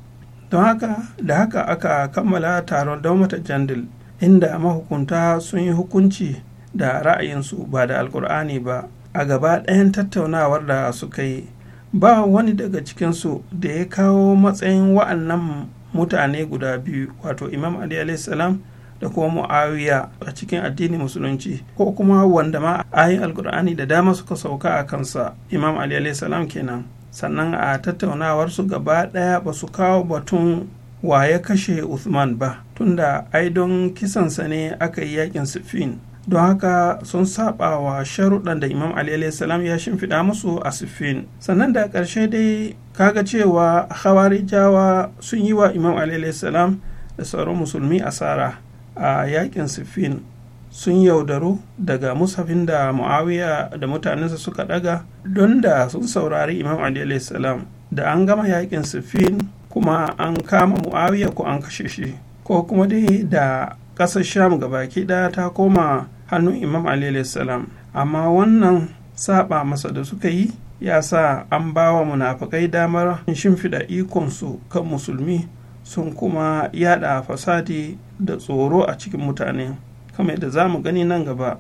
don haka da haka aka kammala taron daumata jandil inda mahukunta sun yi hukunci da ra'ayinsu ba da alkur'ani ba a gaba ɗayan tattaunawar da suka yi ba wani daga cikinsu da ya kawo matsayin wa'annan mutane guda biyu wato imam ali salam da kuma muawiya a cikin addinin musulunci ko kuma wanda ma ayin alkur'ani da dama suka sauka a kansa imam ali salam kenan sannan a tattaunawar su gaba ɗaya ba su kawo batun wa ya kashe Usman ba tunda ai don kisansa ne aka yi yakin siffin don haka sun saba wa sharuɗan da imam ali salam ya shimfiɗa musu a siffin sannan da ƙarshe dai kaga cewa hawarijawa sun yi wa imam ali salam da sauran musulmi asara a yakin sifin sun yaudaru daga musafin da muawiya da mutanensa suka daga don da sun saurari imam ali salam da an gama yakin siffin kuma an kama muawiya ko an kashe shi ko kuma dai da ƙasar sham baki ɗaya ta koma hannun imam ali salam amma wannan saba masa da suka yi ya sa an ba wa munafukai damar shimfiɗa ikonsu kan musulmi sun kuma yada fasadi da tsoro a cikin mutane kamar yadda za mu gani nan gaba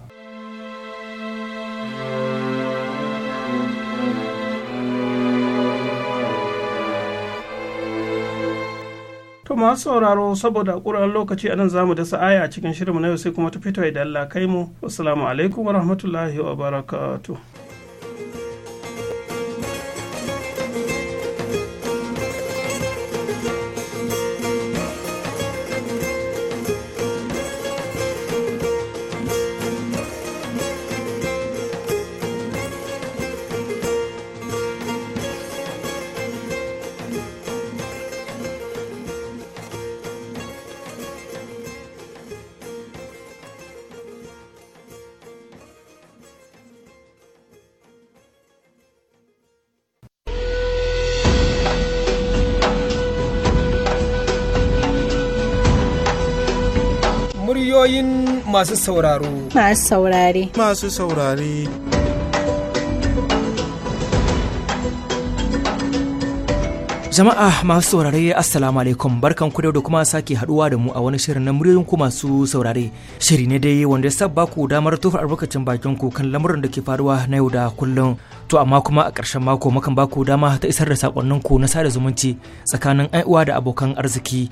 To masu sauraro saboda ƙuran lokaci anan za mu dasa aya cikin shirinmu na yau sai kuma ta fito da Allah kai mu. Assalamu alaikum wa rahmatullahi wa barakatuh. masu sauraro. Masu saurare. Masu saurare. Jama'a masu saurare Assalamu alaikum barkan ku da kuma sake haduwa da mu a wani shirin na muryoyin ku masu saurare. Shiri ne dai wanda ya sabba ku damar tofa albarkacin bakin ku kan lamurin da ke faruwa na yau da kullum. To amma kuma a ƙarshen mako mukan baku dama ta isar da sakonninku ku na sada zumunci tsakanin ai'uwa da abokan arziki.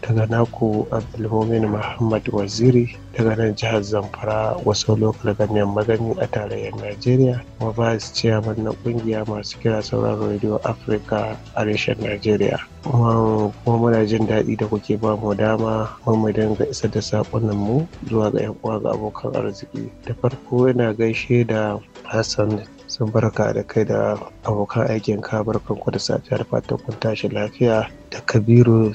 daga naku abdulmumin muhammad waziri daga nan jihar zamfara wasu lokal ganyen magani a tarayyar najeriya kuma vice chairman na kungiya masu kira sauran radio africa a reshen najeriya kuma muna jin daɗi da kuke ba mu dama mu dinga isa da saƙonin mu zuwa ga yan uwa ga abokan arziki da farko yana gaishe da hassan sun barka da kai da abokan aikin ka barkan da safiyar fatan kun tashi lafiya da kabiru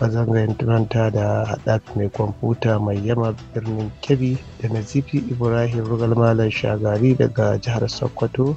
bazangayin turanta da haɗaf mai kwamfuta mai yama birnin kebbi da nazifi ibrahim rugal malam shagari daga jihar sokoto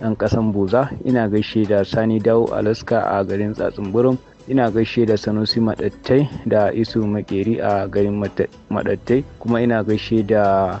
ɗan ƙasan Boza, ina gaishe da Sani Dawo Alaska a garin Tsatsunburum, ina gaishe da Sanusi Maɗattai da Isu Makeri a garin Maɗattai, kuma ina gaishe da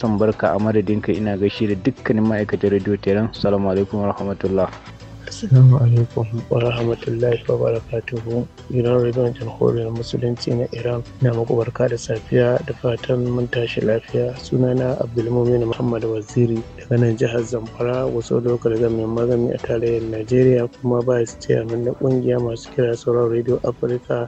Hassan Barka a madadinka ina gaishe da dukkanin ma'aikatan Radio Tehran. salamu alaikum rahmatullah Assalamu alaikum wa rahmatullahi wa barakatuhu. Gidan Rediyon Jamhuriyar Musulunci na Iran na muku barka da safiya da fatan mun tashi lafiya. Sunana Abdulmumin Muhammad Waziri daga nan jihar Zamfara wasu lokal gamin magani a tarayyar Najeriya kuma ba su ce na kungiya masu kira sauran Radio Afirka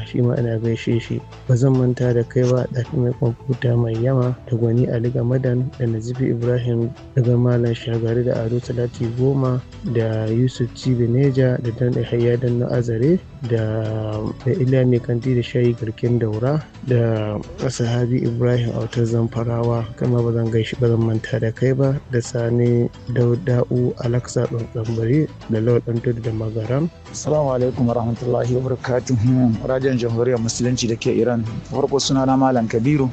shi ma ina gaishe shi. Ba zan manta da kai ba ɗafi mai kwamfuta mai yama da gwani Ali Gamadan da Nazifi Ibrahim daga Malam Shagari da Ado Talati Goma da Yusuf neja da Dan Yahaya Dan na Azare da mai mai kanti da shayi garkin daura da sahabi ibrahim autar zamfarawa kama ba zan gaishe ba zan manta da kai ba da sani dauda'u alaksa tsambari da lauɗan tudu da magaram assalamu alaikum warahmatullahi wabarakatuh rajin jamhuriyar musulunci da ke iran farko suna na malam kabiru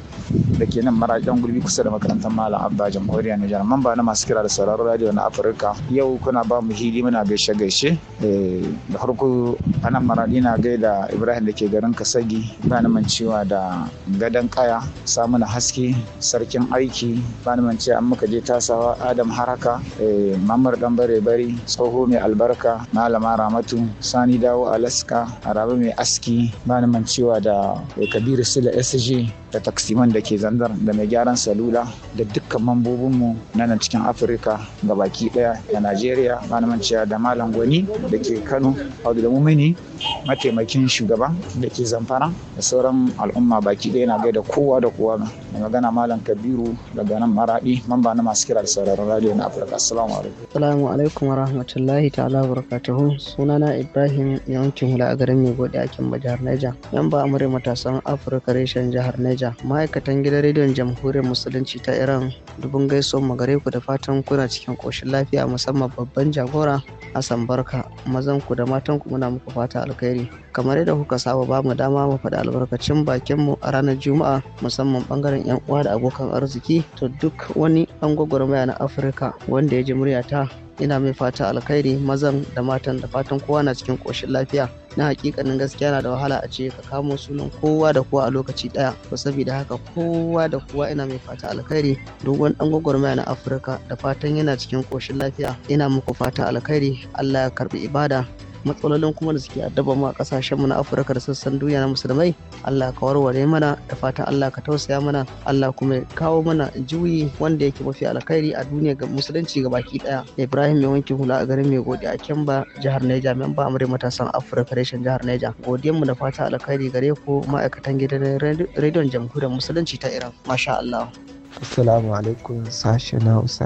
da ke nan marajan gurbi kusa da makarantar malam abba jamhuriyar nijar mamba na masu kira da sauraron radio na afirka yau kuna ba mu hili muna gaishe gaishe eh, da farko anan maradi na gaida ibrahim da ke garin kasagi bani cewa da gadon kaya samuna haske sarkin aiki bani cewa an muka je tasawa adam haraka eh, mamar dan bare bari tsoho mai albarka malama ramatu sani dawo alaska araba mai aski bani cewa da eh, kabiru sila sg da taksiman da ke zandar da mai gyaran salula da dukkan mambobinmu na nan cikin afirka ga baki daya da najeriya bani cewa da malam gwani da ke kano audu da mumini mataimakin shugaban da ke zamfara da sauran al'umma baki ɗaya na gaida kowa da kowa mai magana malam kabiru daga nan maraɗi mamba na masu kira da sauraron radio na afirka assalamu alaikum assalamu alaikum wa rahmatullahi ta'ala barakatuhu sunana ibrahim yawancin hula a garin mai gode akin jihar neja yan ba amurai matasan afirka reshen jihar neja ma'aikatan gidan rediyon jamhuriyar musulunci ta iran dubun gaisuwan magare ku da fatan kuna cikin koshin lafiya musamman babban jagora hassan barka mazan ku da matan ku muna muku fata alkhairi kamar yadda kuka saba ba mu dama mu faɗi albarkacin bakin mu a ranar juma'a musamman bangaren yan uwa da abokan arziki to duk wani an gwagwarmaya na afirka wanda ya ji muryata ina mai fata alkhairi mazan da matan da fatan kowa na cikin koshin lafiya na hakikanin gaskiya na da wahala a ce ka kamo sunan kowa da kowa a lokaci daya to saboda haka kowa da kowa ina mai fata alkhairi duk wani dan gwagwarmaya na afirka da fatan yana cikin koshin lafiya ina muku fata alkhairi allah ya karbi ibada matsalolin kuma da suke addaba mu a kasashenmu na afirka da sassan duniya na musulmai allah ka warware mana da fatan allah ka tausaya mana allah kuma ya kawo mana juyi wanda yake mafi alkhairi a duniya ga musulunci ga baki daya ibrahim mai wankin hula a garin mai godi a kemba jihar neja ba amurai matasan afirka reshen jihar neja mu da fatan alkhairi gare ku ma'aikatan gidan rediyon jamhuriyar musulunci ta iran masha allah assalamu alaikum sashe na usa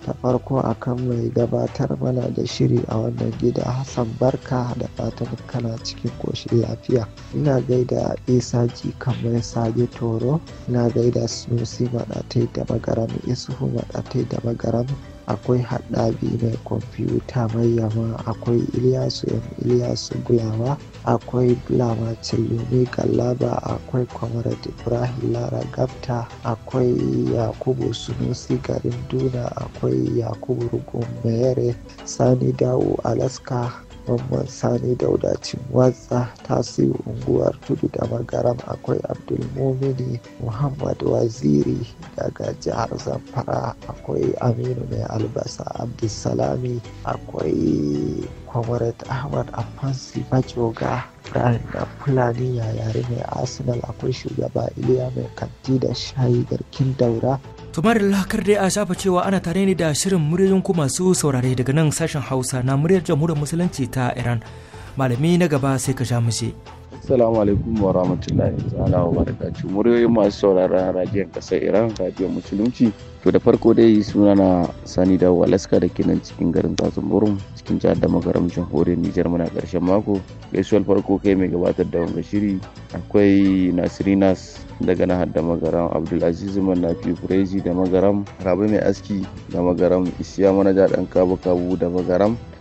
ta farko akan mai gabatar mana da shiri a wannan gida Hassan Barka da fatan kana cikin koshi lafiya. Ina gaida Isa kamar Sage Toro, ina gaida Sunusi Maɗatai da Magaram Isuhu Maɗatai da Magaram akwai haɗabi mai kwamfuta mai yama akwai iliyasu yan iliyasu gulawa akwai bulama tillumi galaba akwai comrade ibrahim lara gafta akwai yakubu sunusi garin duna akwai yakubu rugun mayere sani dawo alaska Mamman Sani Daudacin watsa tasiri unguwar tudu da magaram akwai Abdulmumini Muhammad Waziri daga jihar Zamfara akwai Aminu Mai Albasa Abdulsalami akwai Comrade Ahmad Afansi Bajoga Ibrahim da Fulani yayari mai Arsenal akwai shugaba Iliya mai kanti da shayi garkin daura tumar lakar dai a shafa cewa ana tare ne da shirin muryoyin ku masu saurare daga nan sashen hausa na muryar jamhuriyar musulunci ta iran malami na gaba sai ka sha mushe. Assalamu alaikum wa rahmatullahi wa barakatuh. Muryoyin masu sauraron radiyon kasar Iran, radiyon musulunci to da farko dai suna na sani da walaska da ke nan cikin garin tsatsun cikin jihar da magaram jamhuriyar nijar muna karshen mako gaisuwar farko kai mai gabatar da wanga shiri akwai nasirinas daga na da magaram abdulaziz manafi kurezi da magaram rabi mai aski da magaram isiya manaja ɗan kabu kabu da magaram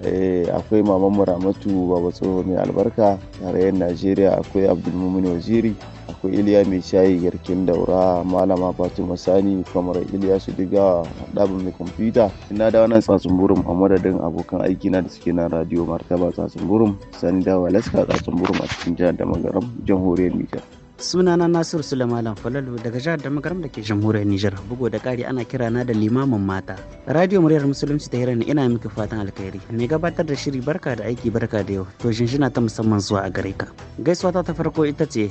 Eh, akwai maman muramatu baba tsoho mai albarka tarayyar najeriya akwai abdulmumin waziri akwai iliya mai shayi garkin daura malama fatima sani kamar iliya su diga ɗabin mai kwamfuta ina da wannan tsatsun burum a madadin abokan aiki na da suke nan radio martaba tsatsun burum sani walaska walaska tsatsun burum a cikin jihar da magaram jamhuriyar nijar sunana nasiru sulaiman falalu daga jihar damagaram da ke jamhuriyar nijar bugu da kari ana kira na da limamin mata radio muryar musulunci ta hirar ina miki fatan alkhairi mai gabatar da shiri barka da aiki barka da yau to shinshina ta musamman zuwa a gare ka gaisuwa ta farko ita ce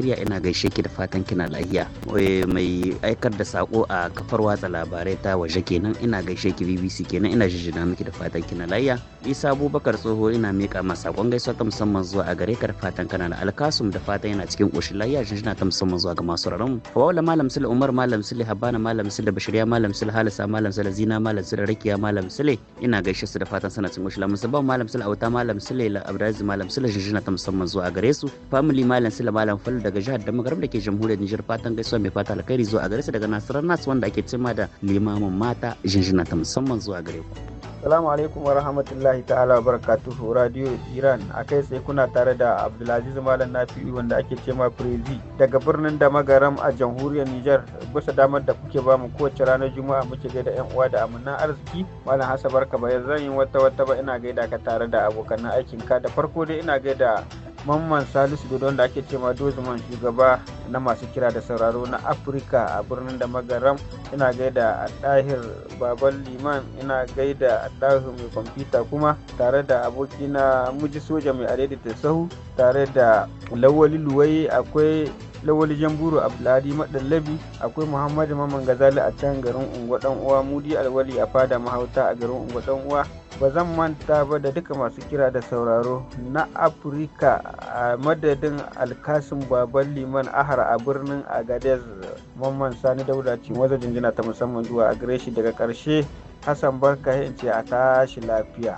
Najeriya ina gaishe ki da fatan kina lahiya. Eh, mai aikar da sako a kafar watsa labarai ta waje kenan ina gaishe ki BBC kenan ina jijjina miki da fatan kina lahiya. Isa Abubakar Tsoho ina miƙa ma sakon gaisuwa ta musamman zuwa a gare ka da fatan kana da alkasum da fatan yana cikin ƙoshin lahiya jijjina ta musamman zuwa ga masu raron. Hawaula Malam Sule Umar Malam Sule Habana Malam Sule Bashiriya Malam Sule Halisa Malam Sule Zina Malam Sule Rakiya Malam Sule ina gaishe su da fatan sana cikin ƙoshin lahiya. Malam Sule Auta Malam Sule Abdulaziz Malam Sule jijjina ta musamman zuwa a gare su. Family Malam Sule Malam Fal da daga jihar da magarab da ke jamhuriyar Nijar fatan gaisuwa mai fata alkhairi zuwa gare su daga Nasarar Nas wanda ake cima da limamin mata jinjina ta musamman zuwa gare ku. Salamu alaikum wa rahmatullahi ta'ala wa barakatuhu Radio Iran a kai sai kuna tare da Abdulaziz Malam Nafi'i wanda ake ce ma Prezi daga birnin da magaram a jamhuriyar Nijar bisa damar da kuke bamu kowace ranar Juma'a muke gaida yan uwa da amina arziki Malam Hassan barka bayan zan yi wata wata ba ina gaida ka tare da abokan aikin ka da farko dai ina gaida Mamman Salisu Dodo da ake cewa Dozman shugaba na masu kira da sauraro na Afirka a birnin da magaram ina gaida a ɗahir baban liman ina gaida a ɗahir mai kwamfuta kuma tare da abokina muji soja mai adaidaita sahu tare da lawali luwai akwai lawali jamburu abdulhadi madallabi akwai muhammadu mamman gazali a can garin unguwa dan uwa mudi alwali a fada mahauta a garin unguwa dan uwa ba zan manta ba da duka masu kira da sauraro na afirka a madadin alkasin baban liman ahar a birnin agadez mamman sani dauda ce wajen jinjina ta musamman zuwa a gare shi daga karshe hassan barka ce a tashi lafiya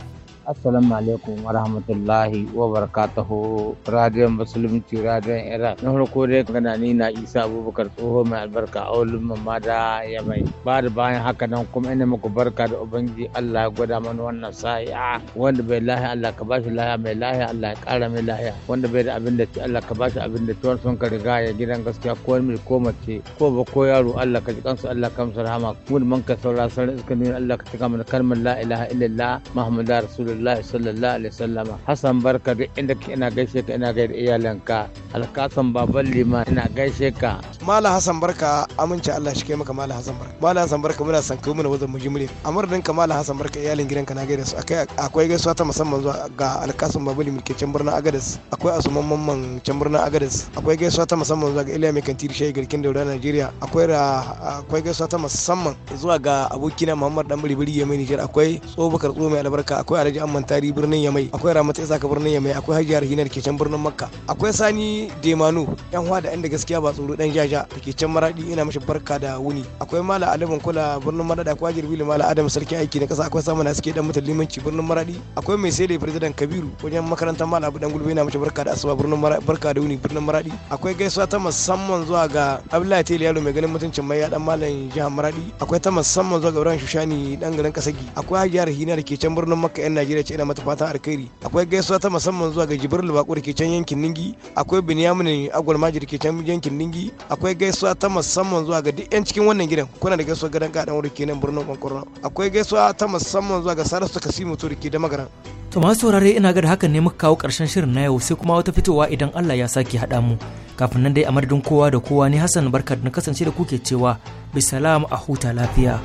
assalamu alaikum wa rahmatullahi wa barakatuhu radiyon musulunci radiyon iran na farko dai gana ni na isa abubakar tsoho mai albarka a wulin mamma da ya mai ba da bayan haka nan kuma ina muku barka da ubangi allah ya gwada mana wannan sa'i'a wanda bai lahiya allah ka bashi lahiya mai lahiya allah ya kara mai lahiya wanda bai da abin da ci allah ka bashi abin da tuwar sun ka riga ya gidan gaskiya ko mil ko mace ko ba ko yaro allah ka ji kansu allah ka musu rahama mun man ka saura sarar iska nuna allah ka cika mana kalmar la ilaha illallah muhammadu rasulullah rasulullahi sallallahu alaihi wasallam hasan barka duk inda ka ina gaishe ka ina gaida iyalanka alkasan baban liman ina gaishe ka mala hasan barka amince Allah shi kai maka mala hasan barka mala hasan barka muna san kai muna wazan mu jimre amur din ka mala hasan barka iyalin gidan ka na gaida su akai akwai gaisuwa ta musamman zuwa ga alkasan baban liman ke can birnin agadas akwai asuman mamman can birnin agadas akwai gaisuwa ta musamman zuwa ga iliya mai kantiri shayi garkin daura najeriya akwai akwai gaisuwa ta musamman zuwa ga abokina muhammad dan biribiri ya mai nijar akwai tsobakar tso mai albarka akwai alhaji amman tari birnin yamai akwai ramata ka birnin yamai akwai hajiyar hinar ke can birnin makka akwai sani demanu yan da yan da gaskiya ba tsoro dan jaja da ke can maradi ina mashi barka da wuni akwai mala alamin kula birnin maradi akwai hajiyar wili mala adam sarki aiki na kasa akwai samun aski dan mutan limanci birnin maradi akwai mai sai da president kabiru wajen makarantar mala abu dan gulbe ina mashi barka da asuba birnin maradi barka da wuni birnin maradi akwai gaisuwa ta musamman zuwa ga abdullahi tele yalo mai ganin mutuncin mai ya dan malam jihar maradi akwai ta musamman zuwa ga ibrahim shushani dan garin kasagi akwai hajiyar hinar ke can birnin makka yan Najeriya ce ina mata fatan alkhairi akwai gaisuwa ta musamman zuwa ga Jibril Bakur ke can yankin Ningi akwai Binyamin Agwal da ke can yankin Ningi akwai gaisuwa ta musamman zuwa ga duk yan cikin wannan gidan kuna da gaisuwa gadan gadan wuri kenan birnin Kwankwarna akwai gaisuwa ta musamman zuwa ga Salisu Kasimu Turki da ke da magaran To masu saurare ina ga da hakan ne muka kawo karshen shirin na yau sai kuma wata fitowa idan Allah ya sake hada mu. Kafin nan dai a madadin kowa da kowa ne Hassan barka na kasance da kuke cewa bisalamu a huta lafiya.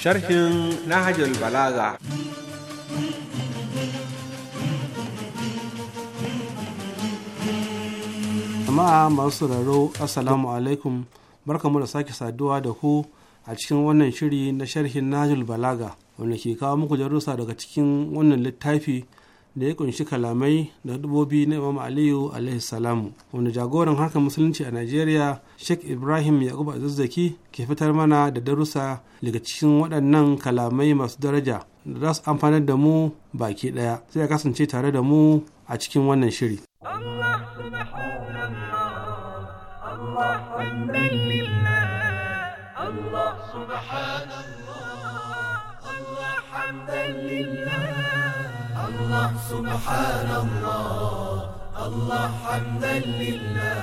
sharhin nahajul balaga jama'a masu sauraro assalamu alaikum barkamu da sake saduwa da ku a cikin wannan shiri na sharhin nahajul balaga wanda ke kawo muku jarusa daga cikin wannan littafi da ya kunshi kalamai da dubobi na imam aliyu alaihi salamu wanda jagoran harkar musulunci a najeriya sheikh ibrahim Yaqub zazzaki ke fitar mana da darussa daga cikin waɗannan kalamai masu daraja da za su amfanar da mu baki ɗaya sai ya kasance tare da mu a cikin wannan shiri Allah subhanallah Allah hamdan lillah الله سبحان الله الله حمدا لله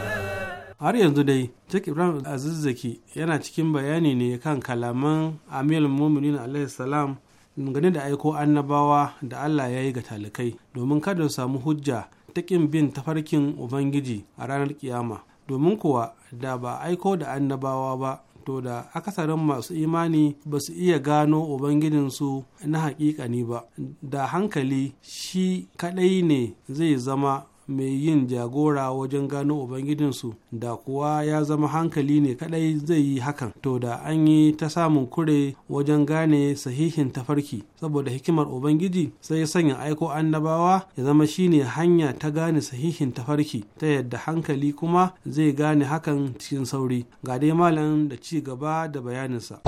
har yanzu dai Sheikh Ibrahim Azizzaki yana cikin bayani ne kan kalaman Amir Muminin alaihi salam dangane da aiko annabawa da Allah ya yi ga talikai domin kada su samu hujja ta kin bin tafarkin Ubangiji a ranar kiyama domin kuwa da ba aiko da annabawa ba to da akasarin masu imani ba su iya gano ubangijinsu na hakikani ba da hankali shi kadai ne zai zama mai yin jagora wajen gano ubangijinsu da kuwa ya zama hankali ne kadai zai yi hakan to da an yi ta samun kure wajen gane sahihin tafarki saboda hikimar ubangiji sai sanya aiko annabawa ya zama shine hanya ta gane sahihin tafarki ta yadda hankali kuma zai gane hakan cikin sauri ga dai malam da ci gaba da bayaninsa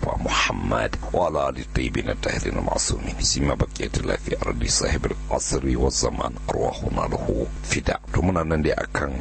wa muhammad. ala ala tibi na tahirin masu mini ma baki yadda lafi a radisa asiri wa zaman arwa hunar hu fida tumunan nan dai akan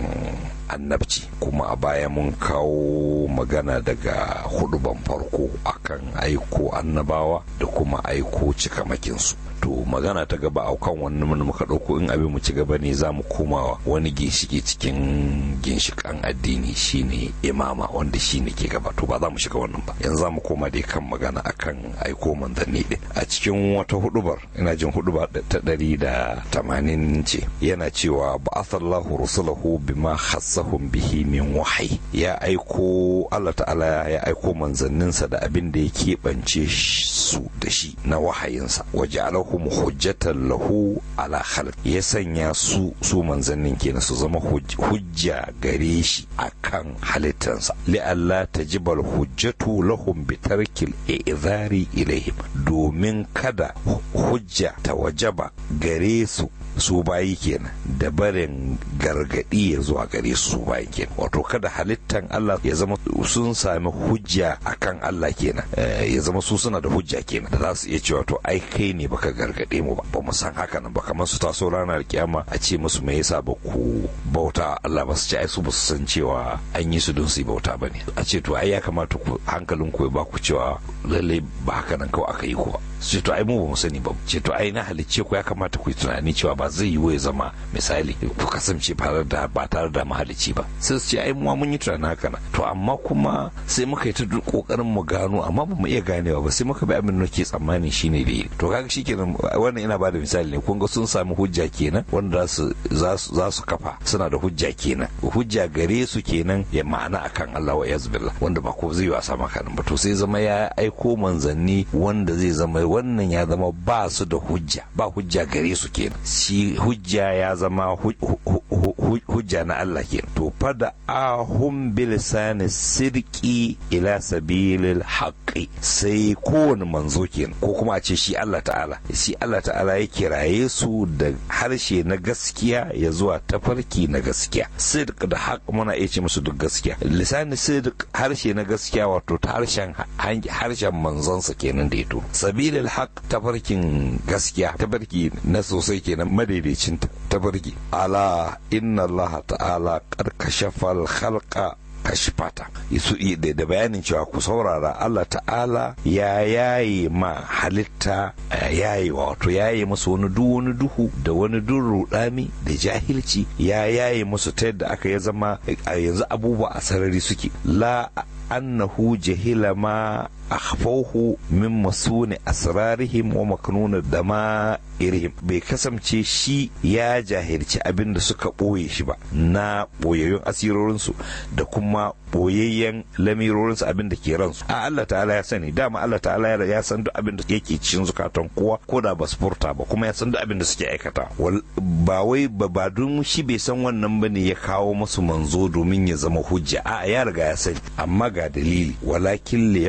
annabci kuma a baya mun kawo magana daga huduban farko akan aiko annabawa da kuma aiko cikamakinsu to magana ta gaba a kan wannan mun muka ɗauko in abin mu ci gaba ne za mu koma wani ginshiki cikin ginshikan addini shine imama wanda shine ke gaba to ba za mu shiga wannan ba yanzu za mu koma dai kan magana akan aiko manzanni din a cikin wata hudubar ina jin huduba ta ɗari da tamanin ce yana cewa ba'athallahu rusulahu bima khassa sahun bihi min wahai ya aiko Allah ta'ala ya aiko manzanninsa da abin da ya keɓance su da shi na wahayinsa waje alahum hujjatan lahu ala khalq ya sanya su su manzannin kenan su zama hujja gare shi akan halittansa li'alla tajibal hujjatu lahum bi tarkil i'zari ilayhim domin kada hujja ta wajaba gare su su bayi kenan da barin gargadi ya zuwa gare su su bayi kenan wato kada halittan Allah ya zama sun sami hujja akan Allah kenan eh, ya zama su suna da hujja kenan da za su iya cewa to ai kai ne baka gargade mu ba ba mu san haka nan ba kamar su taso ranar kiyama a ce musu me yasa ba ku bauta Allah ba su ce ai su ba su san cewa an yi su don su yi bauta ba ne a ce to ai ya kamata ku hankalin ku ya ba ku cewa lallai ba haka nan kawai aka yi ku ba su aimu to ai mu ba mu sani ba ce to ai na halicce ku ya kamata ku yi tunani cewa ba zai yiwu ya zama misali ku kasance tare da ba tare da mahalicci ba sai su ce ai mu mun yi tunanin haka na to amma kuma sai muka yi ta kokarin mu gano amma ba mu iya ganewa ba sai muka bi abin da ke tsammanin shine da to kaga shikenan wannan ina bada misali ne kun ga sun sami hujja kenan wanda za su kafa suna da hujja kenan hujja gare su kenan ya ma'ana akan Allah wa yazbillah wanda ba ko zai yi wasa makanin ba to sai zama ya aiko manzanni wanda zai zama wannan ya zama ba su da hujja ba hujja gare su ke shi hujja ya zama hujja na Allah ke to fada ahun sani sirki ila sabilil haƙi sai kowane manzo ke ko kuma a ce shi Allah ta'ala shi Allah ta'ala ya kiraye su da harshe na gaskiya ya zuwa tafarki na gaskiya sidq da haƙ muna iya ce musu duk gaskiya lisani sidq harshe na gaskiya wato ta harshen manzon manzonsa kenan da ya to sabilil sabilil haq tabarkin gaskiya tabarki na sosai kenan madaidaicin tabarki ala inna allah ta'ala shafal. khalqa kashfata su da da bayanin cewa ku saurara Allah ta'ala ya yaye ma halitta yi wato yaye musu wani duk wani duhu da wani dun rudami da jahilci ya yaye musu ta yadda aka ya zama a yanzu abubuwa a sarari suke la annahu jahila ma akhfawhu min masuni asrarihim wa maknuna dama'irihim bai kasance shi ya jahilci abin da suka ɓoye shi ba na ɓoyayyun asirorinsu da kuma boyayyen lamirorinsu abin da ke ransu a Allah ta'ala ya sani dama Allah ta'ala ya san duk abin da yake cikin zukatan kowa ko da ba su furta ba kuma ya san duk abin da suke aikata ba wai ba don shi bai san wannan ba ne ya kawo masu manzo domin ya zama hujja a ya riga ya sani amma ga dalili walakin li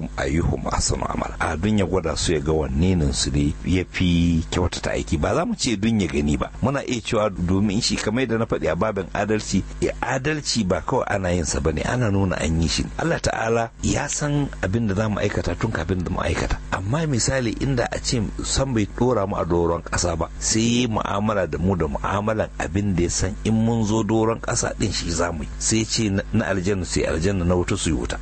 hum ayyuhum ahsanu amala a dunya gwada su ya ga wanne ne su ne ya fi kyautata aiki ba za mu ce dunya gani ba muna iya cewa domin shi kamar da na faɗi a babin adalci ya e, adalci ba kawai ana yin sa bane ana nuna an yi shi Allah ta'ala ya san abin da za mu aikata tun kafin da mu aikata amma misali inda a ce san bai dora mu a doron ƙasa ba sai yi mu'amala da mu da mu'amalan abin da ya san in mun zo doron ƙasa din shi za mu yi sai ce na aljanna sai aljanna na wuta su yi wuta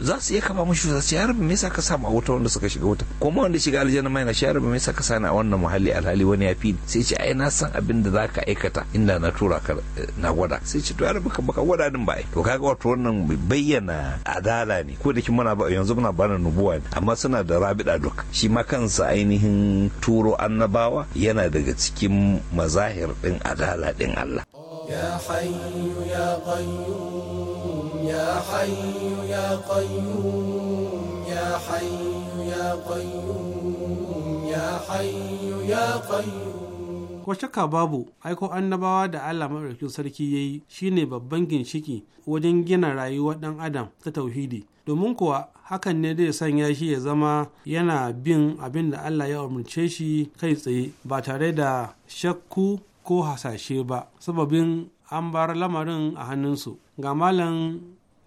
za su iya kama mushi za su ya rabbi me yasa ka samu a wuta wanda suka shiga wuta kuma wanda shiga aljanna mai na ya rabbi me yasa ka sani a wannan muhalli alhali wani ya fi sai ce ai na san abin da za ka aikata inda na tura ka eh, na gwada sai ce to ya rabu ka baka gwada din ba to kaga wato wannan bayyana adala ne ko da kin muna ba yanzu muna bana nubuwa ne amma suna da rabida duk shi ma kansa ainihin turo annabawa yana daga cikin mazahir din adala din Allah ya hayyu ya qayyum ya hayyu يا قيوم يا حي يا قيوم يا حي يا قيوم ko shakka babu aiko annabawa da Allah maɗaukakin sarki ya yi shi ne babban ginshiki wajen gina rayuwa ɗan adam ta tauhidi domin kuwa hakan ne zai sanya shi ya zama yana bin abin da Allah ya umarce shi kai tsaye ba tare da shakku ko hasashe ba sababin an bar lamarin a hannunsu ga malam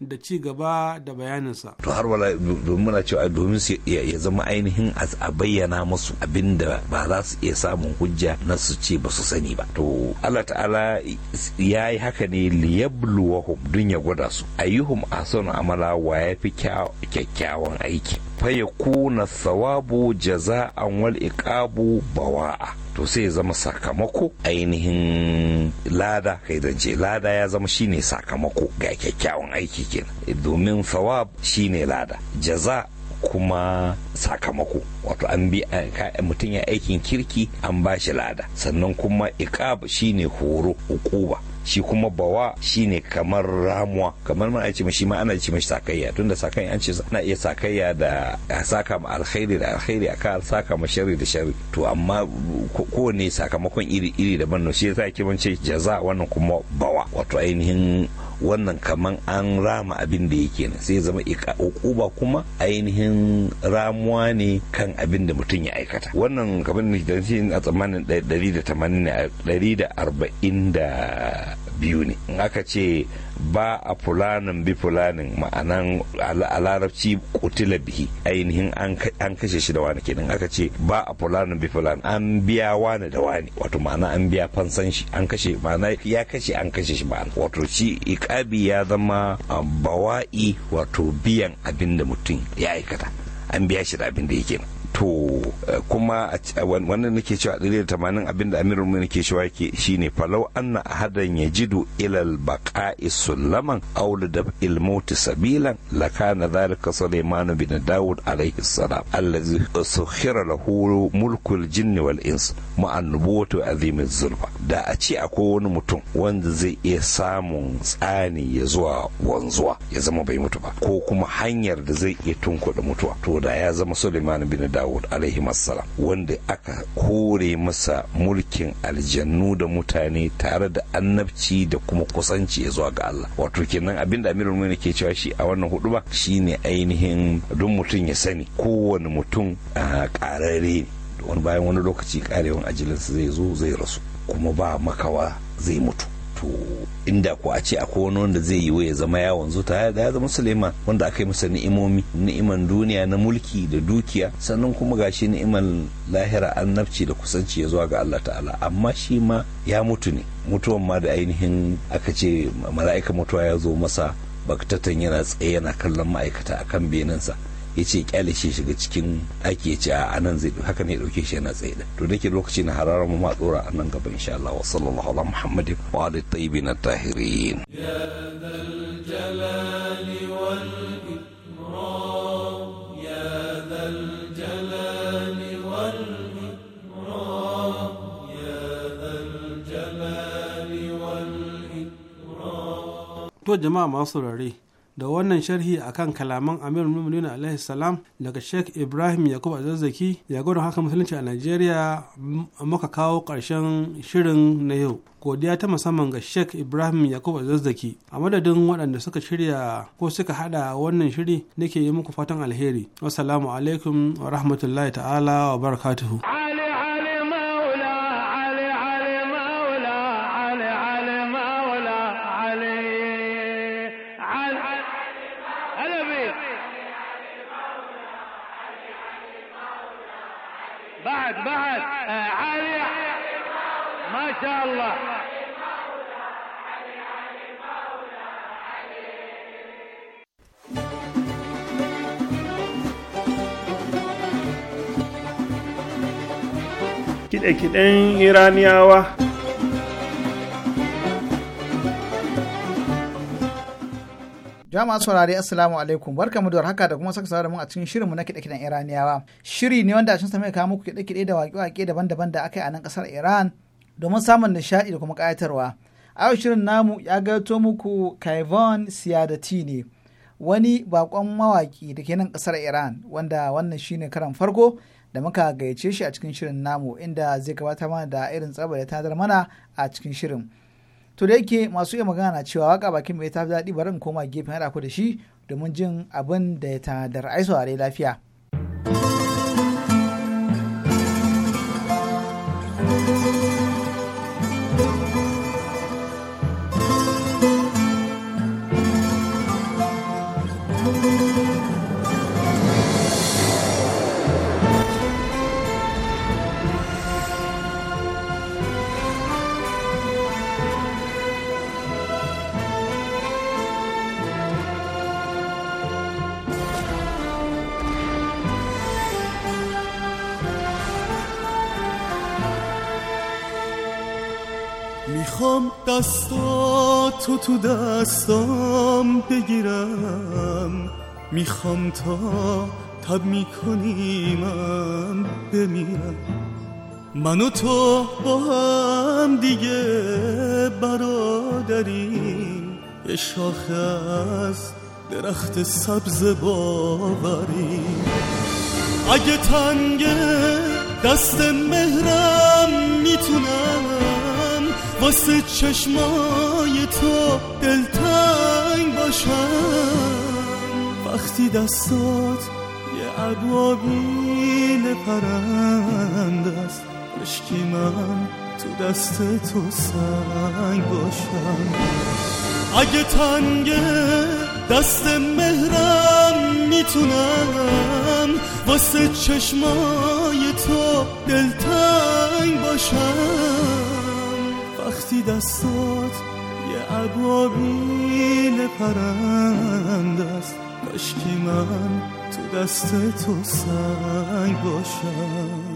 da ci gaba da bayaninsa. To har wala domin cewa domin su ya zama ainihin a bayyana musu abin da ba za su iya samun hujja na su ce ba su sani ba. To Allah ta'ala ya yi haka ne liyabluwahum dun ya gwada su. Ayyuhum son amala wa ya fi kyakkyawan aiki. Faya kuna sawabu jaza'an wal iqabu bawa'a. to sai ya zama sakamako ainihin lada kai zance lada ya zama shine sakamako ga kyakkyawan aiki kenan domin sawab shine lada jaza kuma sakamako wato an bi mutum ya aikin kirki an ba shi lada sannan kuma iqab shine horo ukuba shi kuma bawa shine kamar ramuwa kamar ma ce shi ma ana ce mashi sakayya tunda sakayya an ce ana iya sakayya da saka ma alkhairi da alkhairi aka saka ma sharri da sharri to amma kowane sakamakon iri iri daban ne shi yasa ake ce jaza wannan kuma bawa wato ainihin wannan kaman an rama abin da yake nan sai zama ukuba kuma ainihin ramuwa ne kan abin da mutum ya aikata wannan kamar da a tsammanin 140 ne biyu ne in aka ce ba a fulanin bi fulanin ma'anan a larabci kutila bihi ainihin an kashe shi da wani kenan aka ce ba a fulanin bi fulanin an biya wani da wani wato ma'ana an biya fansan shi an kashe ma'ana ya kashe an kashe shi ma'ana wato shi ikabi ya zama ah, bawa'i wato biyan abin da mutum ya aikata an biya shi da abin da yake to eh, kuma wannan nake cewa ɗari da tamanin abin da amirin mu nake cewa ke shine falau anna ahadan yajidu ilal baqa'i sulaman aw da ilmauti sabilan lakana zalika sulaiman bin daud alayhi salam allazi sukhira lahu mulkul jinni wal ins ma annubuwatu azimi zulfa da a ce akwai wani mutum wanda zai iya samun tsani ya zuwa wanzuwa ya zama bai mutu ba ko kuma hanyar da zai iya tunkuɗa mutuwa to da ya zama sulaiman bin daud dawud alaihimassalam wanda aka kore masa mulkin aljannu da mutane tare da annabci da kuma kusanci ya zuwa ga Allah wato kenan abin da amirul mu'minin ke cewa shi a wannan huduba shine ainihin don mutum ya sani kowane mutum a karare wani bayan wani lokaci karewan ajilinsa zai zo zai rasu kuma ba makawa zai mutu wato inda ko a ce akwai wani wanda zai yi ya zama ya wanzu ta da ya zama suleiman wanda aka yi masa ni'imomi ni'iman duniya na mulki da dukiya sannan kuma gashi ni'iman lahira annabci da kusanci ya zuwa ga Allah ta'ala amma shi ma ya mutu ne mutuwan ma da ainihin aka ce mala'ika mutuwa ya zo masa baktatan yana tsaye yana kallon ma'aikata akan sa. ya ce kyale shi shiga cikin ake ya ce a nan zai haka ne dauke shi yana tsaye da to dake lokaci na hararar mu ma tsora a nan gaba insha Allah wa sallallahu ala muhammadin wa ala tayyibin tahirin To jama'a masu rare da wannan sharhi akan kalaman amir mummuni alaihi salam daga sheikh ibrahim yakubu azazzaki ya gwada haka musulunci a najeriya muka kawo karshen shirin na yau godiya ta musamman ga sheikh ibrahim yakubu azazzaki a madadin waɗanda suka shirya ko suka haɗa wannan shiri nake yi muku fatan alheri wassalamu alaikum wa rahmatullahi ta'ala wa barakatuhu بعد آه، علي ما شاء الله كده كده ايرانياوه Jama'a saurari Assalamu alaikum barkamu da haka da kuma saka saurara mu a cikin shirinmu na kiɗe-kiɗen Iraniyawa. Shiri ne wanda a cikin sa mai kawo muku kiɗe-kiɗe da waƙe-waƙe daban-daban da aka yi a nan ƙasar Iran domin samun nishaɗi da kuma ƙayatarwa. A yau shirin namu ya gaito muku Kaivon Siyadati ne wani bakon mawaƙi da ke nan ƙasar Iran wanda wannan shine karan farko da muka gayyace shi a cikin shirin namu inda zai gabata mana da irin tsaba da tanadar mana a cikin shirin. to da yake masu iya magana cewa waka bakin mai ta fi daɗi bari in koma gefen haɗa ku da shi domin jin abin da ya tanadar ai saurare lafiya. دستا تو تو دستام بگیرم میخوام تا تب میکنی من بمیرم منو تو با هم دیگه برادریم یه شاخه از درخت سبز باوریم اگه تنگ دست مهرم میتونم واسه چشمای تو دلتنگ باشم وقتی دستات یه عبابی پرند است عشقی من تو دست تو سنگ باشم اگه تنگ دست مهرم میتونم واسه چشمای تو دلتنگ باشم وقتی دستات یه عبابیل پرند است کاشکی من تو دست تو سنگ باشم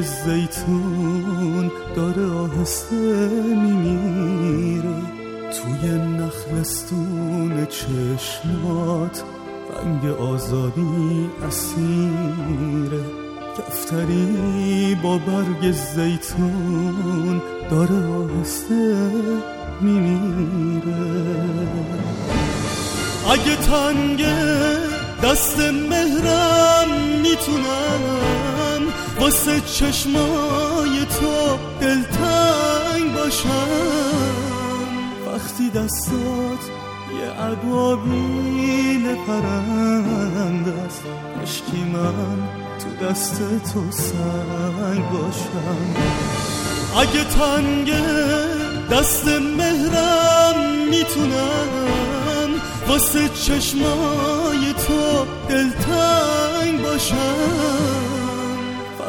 زیتون داره آهسته میمیره توی نخلستون چشمات رنگ آزادی اسیره کفتری با برگ زیتون داره آهسته میمیره اگه تنگ دست مهرم میتونم واسه چشمای تو دلتنگ باشم وقتی دستات یه عبابین پرند است عشقی من تو دست تو سنگ باشم اگه تنگ دست مهرم میتونم واسه چشمای تو دلتنگ باشم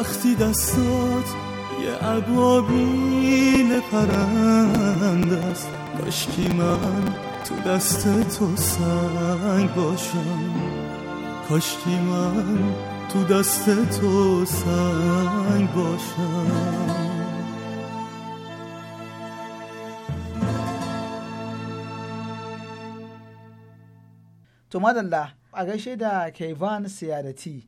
وقتی دستات یه عبابین پرند است کاشکی من تو دست تو سنگ باشم کاشکی من تو دست تو سنگ باشم تو madalla اگه شده که کیوان سیارتی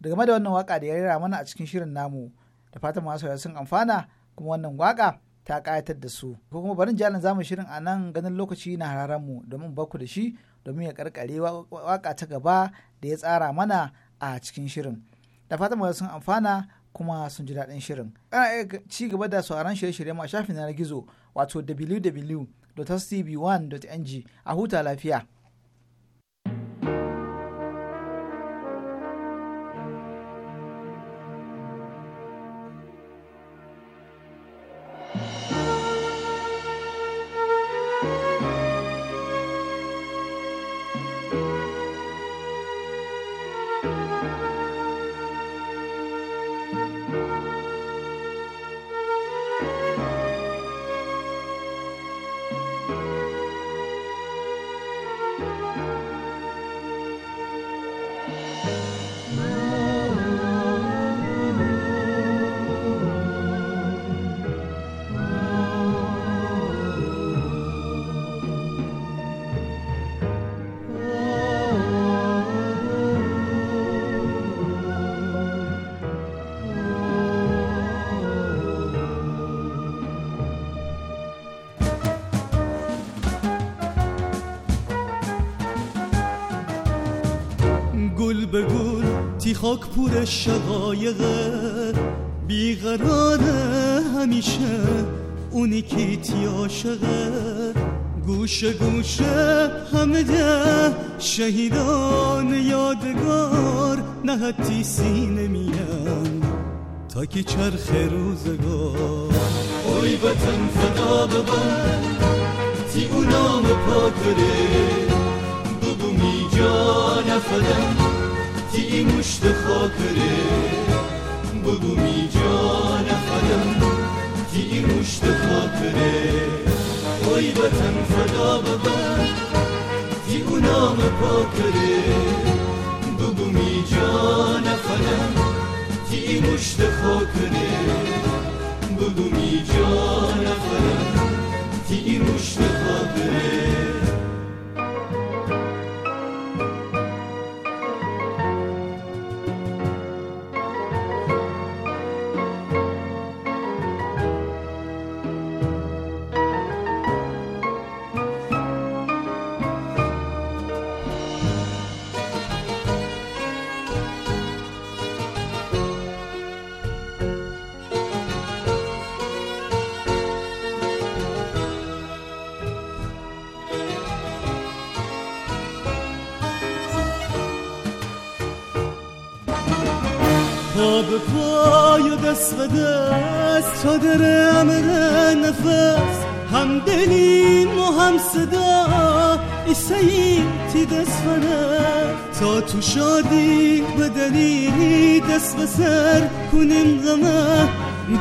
da game da wannan waka da ya rera mana a cikin shirin namu da fatan masu sun amfana kuma wannan waka ta kayatar da su ko kuma barin jalin zamu shirin a nan ganin lokaci na hararen mu domin baku da shi domin ya karkare waka ta gaba da ya tsara mana a cikin shirin da fatan masu sun amfana kuma sun ji daɗin shirin ana iya ci gaba da sauraron shirye-shirye mu a shafin na gizo wato www.tv1.ng a huta lafiya پور شقایق بیقراره همیشه اونی که تیاشقه گوشه گوشه همده شهیدان یادگار نه حتی سینه میان تا که چرخ روزگار اوی وطن فدا ببن تی اونام پاک بره می جا این مشت خاطره بگو می جا نفدم که این مشت خاطره اوی وطن فدا بابا که او نام پاکره بگو می جا نفدم که این مشت خاطره بگو می جا نفدم که این مشت تا در امر نفس هم دلیم و هم صدا ایسایی تی دست تا تو شادی بدنی دست و سر کنیم غمه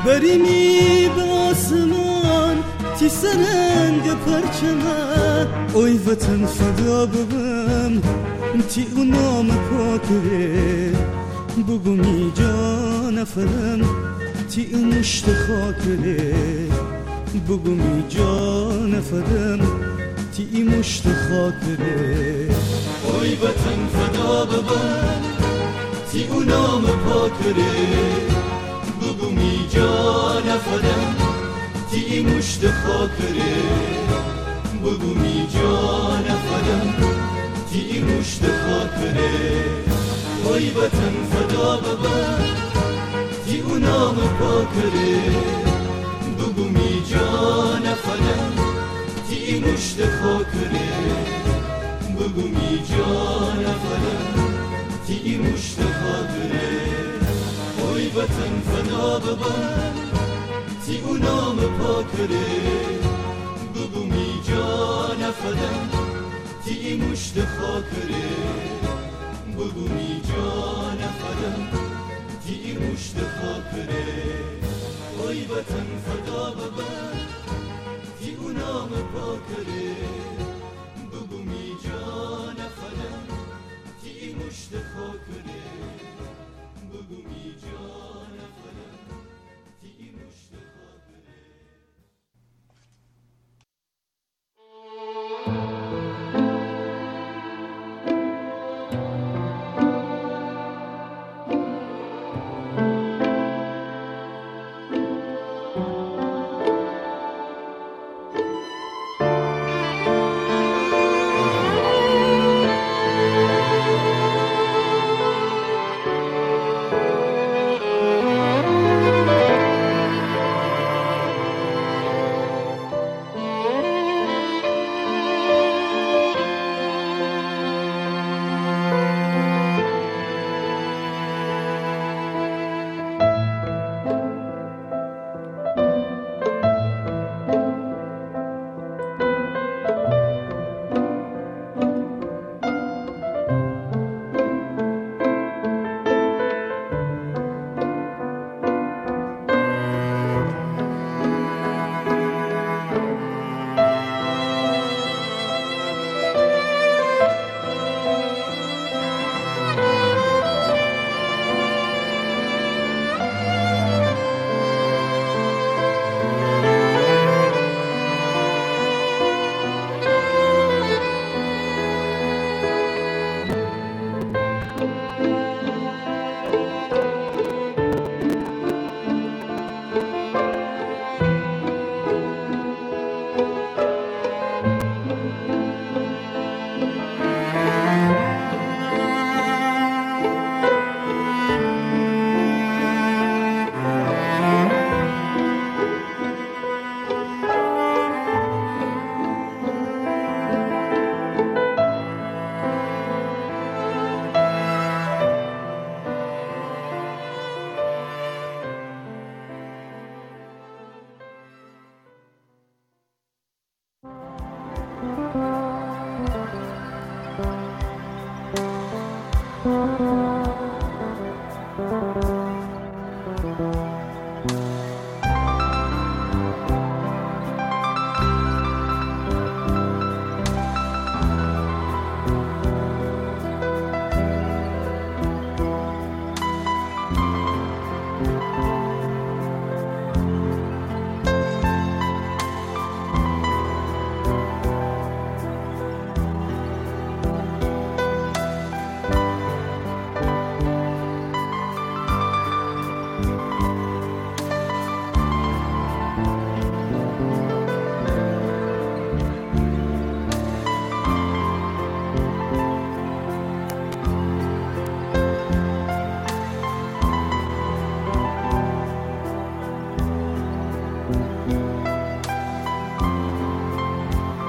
بریمی به آسمان تی سرنگ پرچمه اوی وطن فدا ببم تی نام پاکره بگو می جا نفرم تی مشت خاطره بگو می جان فدم تی مشت خاطره اوی وطن فدا ببن تی او نام پاکره بگو می جان فدم تی مشت خاطره بگو می جان فدم تی مشت خاطره اوی وطن فدا ببن نام پاکره بگو می جا نفلم تی مشت خاکره بگو می جا نفلم تی مشت خاکره اوی وطن فدا ببن تی او نام پاکره بگو می جا نفلم تی مشت خاکره بگو می جا نفلم دیگه مشت خاطره وای وطن فدا ببر دیگه نام پاکره بگو می جان خلم دیگه مشت خاطره بگو می جان خلم